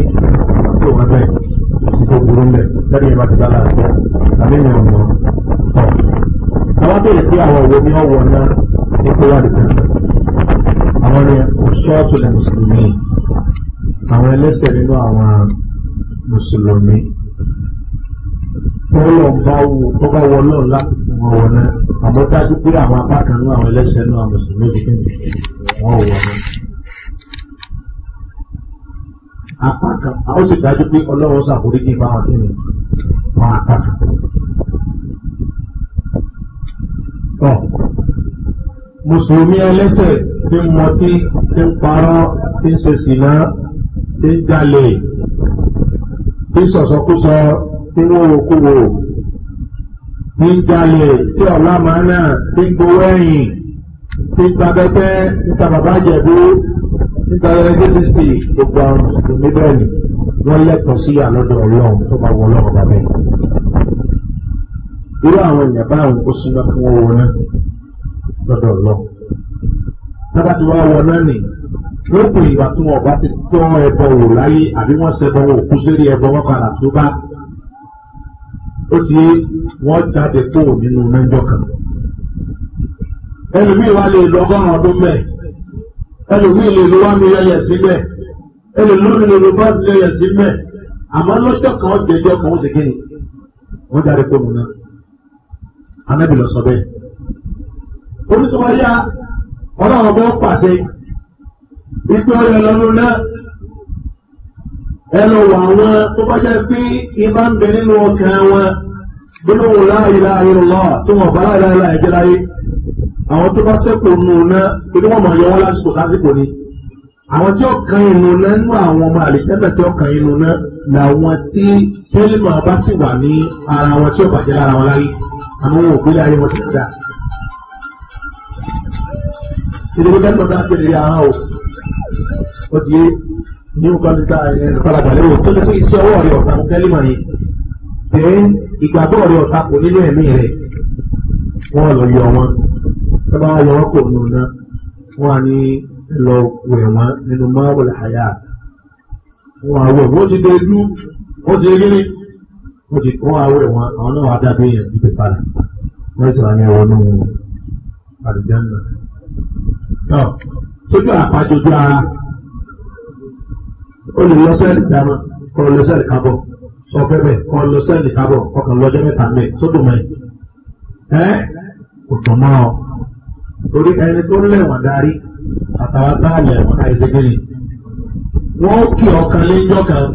pè wá bẹ́ẹ̀ kó burú bẹ́ẹ̀. Bẹ́ẹ̀ni ẹ bá ti bá láàbọ̀. Àbí ìyẹn ọ̀gbọ́n àwọn béèrè pé àwọn òwe ní ọwọ́ náà ó tó wà nìkan àwọn ni òṣùwàtò lè mùsùlùmí àwọn ẹlẹ́sẹ̀ nínú àwọn mùsùlùmí tọ́lọ̀ bá wù tó bá wọ náà láti fún ọwọ́ náà àmọ́ dájú pé àwọn apá kan náà àwọn ẹlẹ́sẹ̀ náà mùsùlùmí ti kéde wọ́n wọ̀ náà. apá kan a ó sì dájú pé ọlọ́run ṣàforíjì bá wọn sí ni wọ́n apá kan tọ̀ mùsùlùmí ẹlẹ́sẹ̀ tí ń mọtí tí ń parọ́ tí ń ṣe sìnà tí ń jalè tí ń sọ̀sọ́kúsọ tí ń wòwòkúwò tí ń jalè tí ọ̀la màá náà tí ń gbowó ẹ̀yìn tí ń ta bẹ́tẹ́ ń ta bàbá jẹ̀bú ń ta ẹlẹ́gẹ́sìsì gbogbo àwọn mùsùlùmí bẹ́ẹ̀ ni wọ́n lẹ́tọ̀ọ́ sí àlọ́dọ̀ ọlọ́run tó bá wọ ọlọ́run bàbá yìí irú àwọn èèyàn báwọn ó síná fún owó náà lọ́dọ̀ lọ. Tábà tí wọ́n wọ náà nì, lópin ìgbà tí wọ́n bá ti tọ́ ẹbọ wò láyé àbí wọ́n ṣẹbọ wò kú sórí ẹbọ wọn padà tó bá. Ó ti wọ́n jáde kó nínú mẹ́jọ kan. Ẹlòmíì wá lè lọ ọgọ́rùn-ún ọdún bẹ́ẹ̀. Ẹlòmíì lè lo wá mi yẹyẹ síbẹ̀. Ẹlòmíì lè lo bá mi yẹyẹ síbẹ̀. Àmọ́ lọ́jọ́ kan ó jẹjọ́ kan ó sì kéyìn anábì lọ sọ bẹ́ẹ̀ onítọ́wọ́ yá ọlọ́run bọ́ pàṣẹ wípé ọyọ lọ́nu náà ẹnu wà wọn tó bá jẹ́ pé ibà ń bẹ nínú ọkàn wọn gbólóhùn láìlá ìrọ̀lọ́ tó wọ́n bá láìlá ẹ̀jẹ̀ láyé àwọn tó bá sẹ́kù nù náà inú wọn mọ̀ yọ wọn lásìkò sásìkò ni àwọn tí ọkàn inú náà nínú àwọn ọmọ àlìkẹ́bẹ̀ tí ọkàn inú náà làwọn tí pélímọ̀ bá sì wà ní ara wọn tí ó bàjẹ́ lára wọn láyé àmọ́ wọn ò gbélé ayé wọn ti dá ìdílé kẹsàn-án náà kéde ara o ó ti yé ní nǹkan ti ta ìpalàgbà lérò tó ní pé iṣẹ́ ọwọ́ rẹ ọ̀tá kẹ́lí mọ̀ yìí bẹ́ẹ̀ ìgbàgbọ́ rẹ ọ̀tá kò nínú ẹ̀mí rẹ wọ́n lọ yọ wọn tó bá yọ kò nù náà wọ́n á ní lọ wẹ̀ wọ́n nínú mọ́wọ́lẹ̀ àyà wọ́n á wọ̀ wọ́n ti dé ìlú wọ́n ti dé gírí ó di wọ́n awẹ́ wọn àwọn náà wàá dábẹ́ yẹn ti padà wọ́n sì wà ní ẹ̀wọ̀n náà wọn àdìjánná. tọ́ sójú àpàjọjọ ara ó lè lọ sẹ́ẹ̀lì dáná kọ́ lọ sẹ́ẹ̀lì kábọ̀ kọ́ bẹ́bẹ̀ kọ́ lọ sẹ́ẹ̀lì kábọ̀ ọkàn lọ́jọ́ mẹ́ta mẹ́ sódò mẹ́ ẹ́ kò tọ̀ mọ́ ọ torí ẹni tó lẹ̀wọ̀n darí àtàwọn táàlẹ̀ ẹ̀wọ̀n àìsègbè ni wọ́n kí ọkàn lé ńjọ́ kan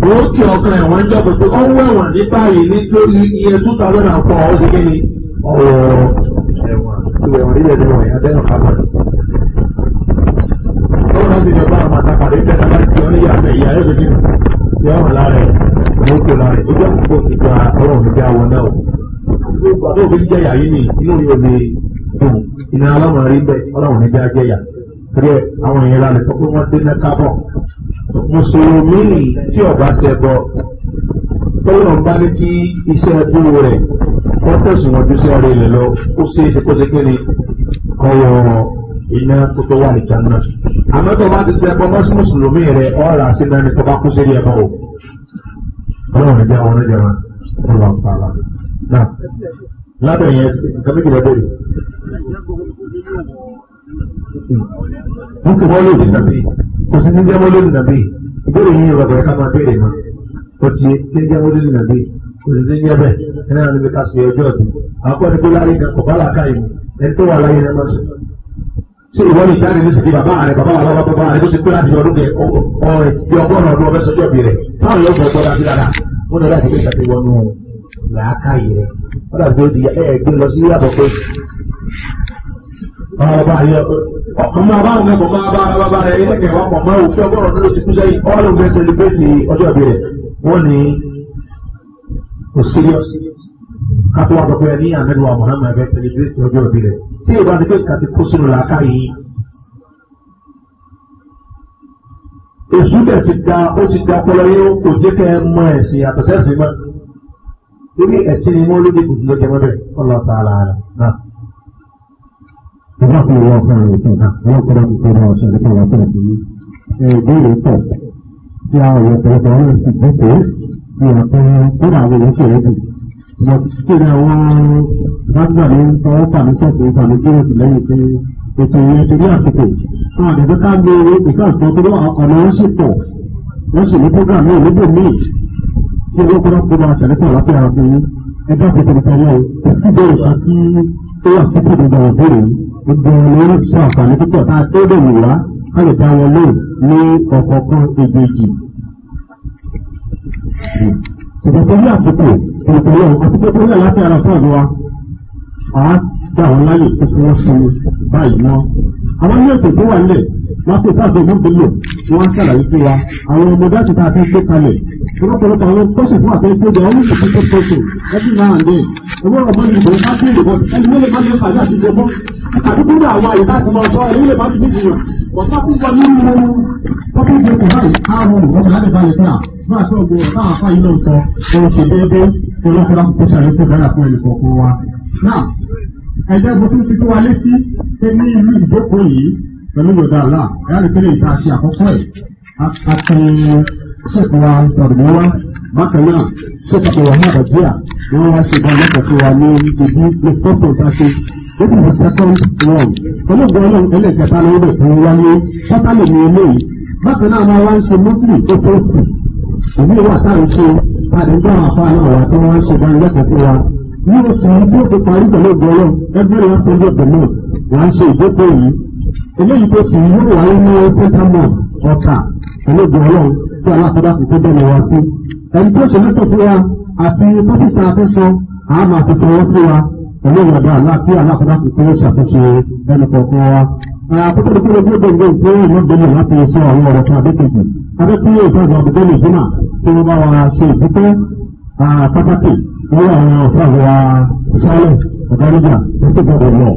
wọ́n kí ọkàn ẹ̀wọ̀n ń jọ́pọ̀ pé wọ́n wẹ̀wọ̀n ní báyìí nítorí iye two thousand and four ó sì kí ni ọ̀rọ̀ ẹ̀wọ̀n tó ẹ̀wọ̀n nílẹ̀ ní wọ̀nyí abẹ́rẹ́ ọ̀pá náà. lọ́wọ́n sì jọ bá àwọn àtàkàrí tẹ̀lé láti ọ ní ìyàgbẹ́ ìyá yóò fi kíni yọ ọ̀rọ̀ lára ẹ̀ mo kò lára ẹ̀ ó jẹ́ àkókò ti gba ọ̀rọ̀ mi já wọn náà o. gbogbo àdó rẹ àwọn èèyàn lálẹ́ sọ pé wọ́n dé mẹ́ta bọ̀ mùsùlùmí tí ọba ṣẹ bọ tọ́lọ̀ bá ní kí iṣẹ́ ẹbí rẹ̀ wọ́n tẹ̀síwájú sí ara ilẹ̀ lọ ó ṣe é ṣe kó ṣe kí ni ọwọ́ iná tó tó wà ní jàǹdà àmọ́ tó bá ti ṣe ẹbọ mọ́sí mùsùlùmí rẹ̀ ọ̀rà sí náà ni tó bá kú sí ilé ẹbọ o ọlọ́run ẹ̀jẹ̀ àwọn ọ̀rẹ́jẹ̀ wọn ó lọ pa ara náà lábẹ́ yẹn nǹkan méjìlá bẹ̀rẹ̀. Hmm. wọ́n fi wọ́n lòdì nàbí kò sí ní jẹ́mọ́ lòdì nàbí ìbéèrè yìí yorùbá kò yẹ ká máa béèrè mọ́ ó ti yé kí ní jẹ́mọ́ lòdì nàbí kò sí ní jẹ́ bẹ́ẹ̀ ẹni àwọn ibi ká sí ọjọ́ ọ̀dì àkọ́ ni pé láyé kan kò bá làákà yìí ẹni tó wà láyé náà máa sọ. ṣé ìwọ ni ìdáni ní sìkì bàbá rẹ bàbá wà lọ́wọ́ bàbá rẹ tó ti pé láti ọdún kẹ ọgọ́rùn-ún ọdún ọbẹ̀ sọjọ́ bì rẹ̀ táwọn yóò gbọ́ gbọ́dọ̀ àti dáadáa wọ́n ní láti gbé ìṣàtìwọ́nú làákà máa bá yẹ ọ̀kan máa bá nǹkan kan máa bá bá bá rẹ ilé kẹwàá pọ̀ máa òfin ọgọ́rọ̀ ọdún ló ti kú sẹ́yìn all of them celebrate ọjọ́ ìbí rẹ̀ wọ́n ní kò serious kátó wà pẹ̀pẹ́ ní àmẹ́lú wa mọ̀nàmọ́ ẹ̀fẹ́ celebrate ọjọ́ ìbí rẹ̀ tí ìbá ti fẹ́ kà ti kó sínú làákà yìí. èṣù dẹ̀ ti da ó ti da pọlọ yẹn kò jẹ́ kẹ́ ẹ mọ ẹ̀sìn àtọ̀sẹ́sìn mọ́ torí ẹ̀sìn ni mo lóde kò lóde mọ́ bẹ́ẹ̀ ọlọ́ọ̀ta ara náà ìsáfún ìwọ ọ̀fẹ́ àwọn ìṣẹ̀dá wọn kọ́ra kò kọ́ra ọ̀ṣẹ̀ nípa àwọn ọ̀fẹ́ ìlú ìbéèrè pọ̀ tí a ọ̀rọ̀ ọ̀pọ̀lọpọ̀ wọn sì gbọ́pọ̀ tí a kọ́ kódà àwọn èèyàn ṣe rẹ́dì mo ti rí àwọn sátíà ní ọwọ́ pàmí sọ́ọ̀tún pàmí sírẹ̀sì lẹ́yìn pé ètò ìyẹn torí àsìkò fún àdẹ̀fẹ́ ká lo ìṣàṣọ tó ọ̀nà wọn sì pọ̀ wọ́n sì ní program náà níbò míì kí ọlọ́kọ́ náà kó máa ṣàlékún àlàáfíà ara fún yín ẹgbẹ́ àpẹẹrẹ ìtàlẹ́ o kò sí bẹ́ẹ̀ ká tí ó wà sípò gbogbo àwọn òbí rẹ̀ gbogbo ọ̀nà wọn sọ àǹfààní púpọ̀ tá a tó lè wá ká lè dá wọn lóhùn ní ọ̀kọ̀ọ̀kan èjèèjì. ṣùgbọ́n torí àsìkò ìtàlẹ́ o àti pé torí àlàáfíà ara sọ́ọ̀dù wa àá gbà wọn láyè pé kí wọ́n sinmi báyìí náà àwọn ilé ètò tó wà nílẹ̀ wọn kó sáàsì ìmúgbìlò tí wọn ṣàlàyé fún wa àwọn ọmọdé àti tá a fẹ́ gbé kalẹ̀ ọlọ́pọ̀lọpọ̀ àwọn pọ́sì fún àpẹẹrẹ tó jẹ ọlọ́pọ̀ tó tó pọ́sì ẹbí náà dé ẹgbẹ́ ọmọ ìlú bá dé ìlú bọ́ ẹni ló lè má dé pàdé àti ìjọba àdúgbò náà àwọn àyè láti máa sọ ẹni lè má dé ìjìyàn wọ́n sá fún wọn nínú pọ́pọ́ ìjọ sọ báyìí káàmù ọmọ láti balẹ̀ fún wa àti ọgbọ táwọn afá yìí náà sọ ọ̀rọ̀ ṣe déédéé ọlọ́pọ̀lọpọ̀ kó ṣàlẹ́ kó ṣàlẹ́ ẹ̀jẹ̀ mo fi fi tó wa létí pé ní ìlú ìjókòó yìí pẹ̀lú yọ̀dá àlá ẹ̀yà lè pélé ìta àṣẹ àkọ́kọ́ ẹ̀ àti ṣèkò wa sàrùmọ́wá bákan náà ṣèkò wa ní àbàjíà ni wọ́n wá ṣe ìdánilẹ́kọ̀ọ́ fún wa ní ibi ìfọ́sọ̀ ìtaṣe ó sì fún second round olóògbé ọlọ́run ẹlẹ́kẹta ló dẹ̀ fún wáyé pátálì ní eléyìí bákan náà máa wá ń ṣe mọ́tìrì tó fẹ́ sí òmíràn wà ṣe àdéhùn àwọn afáàlà wà tí wọ́n ń ṣe ìdánilẹ́kọ̀ọ́ fún wa ní oṣù yìí tí ó ti parí pẹ̀lú ìgbọ́lọ́ every last sunday of the month wàá ṣe ìdókòwò yìí eléyìí tó sì yóò wáyé ní central mosque ọ̀tà pẹ̀lú ìgbọ́lọ́ tí alákọ̀ọ́dá kò tó bẹ̀rẹ̀ wá sí. ẹni tó ṣe lẹ́tọ̀ sí wa àti tọ́pìtà àtúnṣe a máa fi sanwó sí wa pẹ̀lú ìwọ̀dà aláàfíà alákọ̀ọ́dá kò tó ṣàtúnṣe ẹnì kọ̀ọ̀kan wa àkókò tó lójú ọgbẹ́ ìgbẹ́ ìgbẹ́ ìlú ọgbẹ́lẹ̀ láti sọ àwọn ọ̀rọ̀ kan àbẹ́kẹ̀jì abẹ́kí yóò sọ̀rọ̀ ọ̀gbẹ́lẹ̀ jìnnà tí wọ́n bá wa ṣe ìdúpẹ́ pàtàkì ilé àwọn ọ̀sán wa sálẹ̀ ọ̀gárígà lọ́sọ̀gbọ̀dọ̀ náà.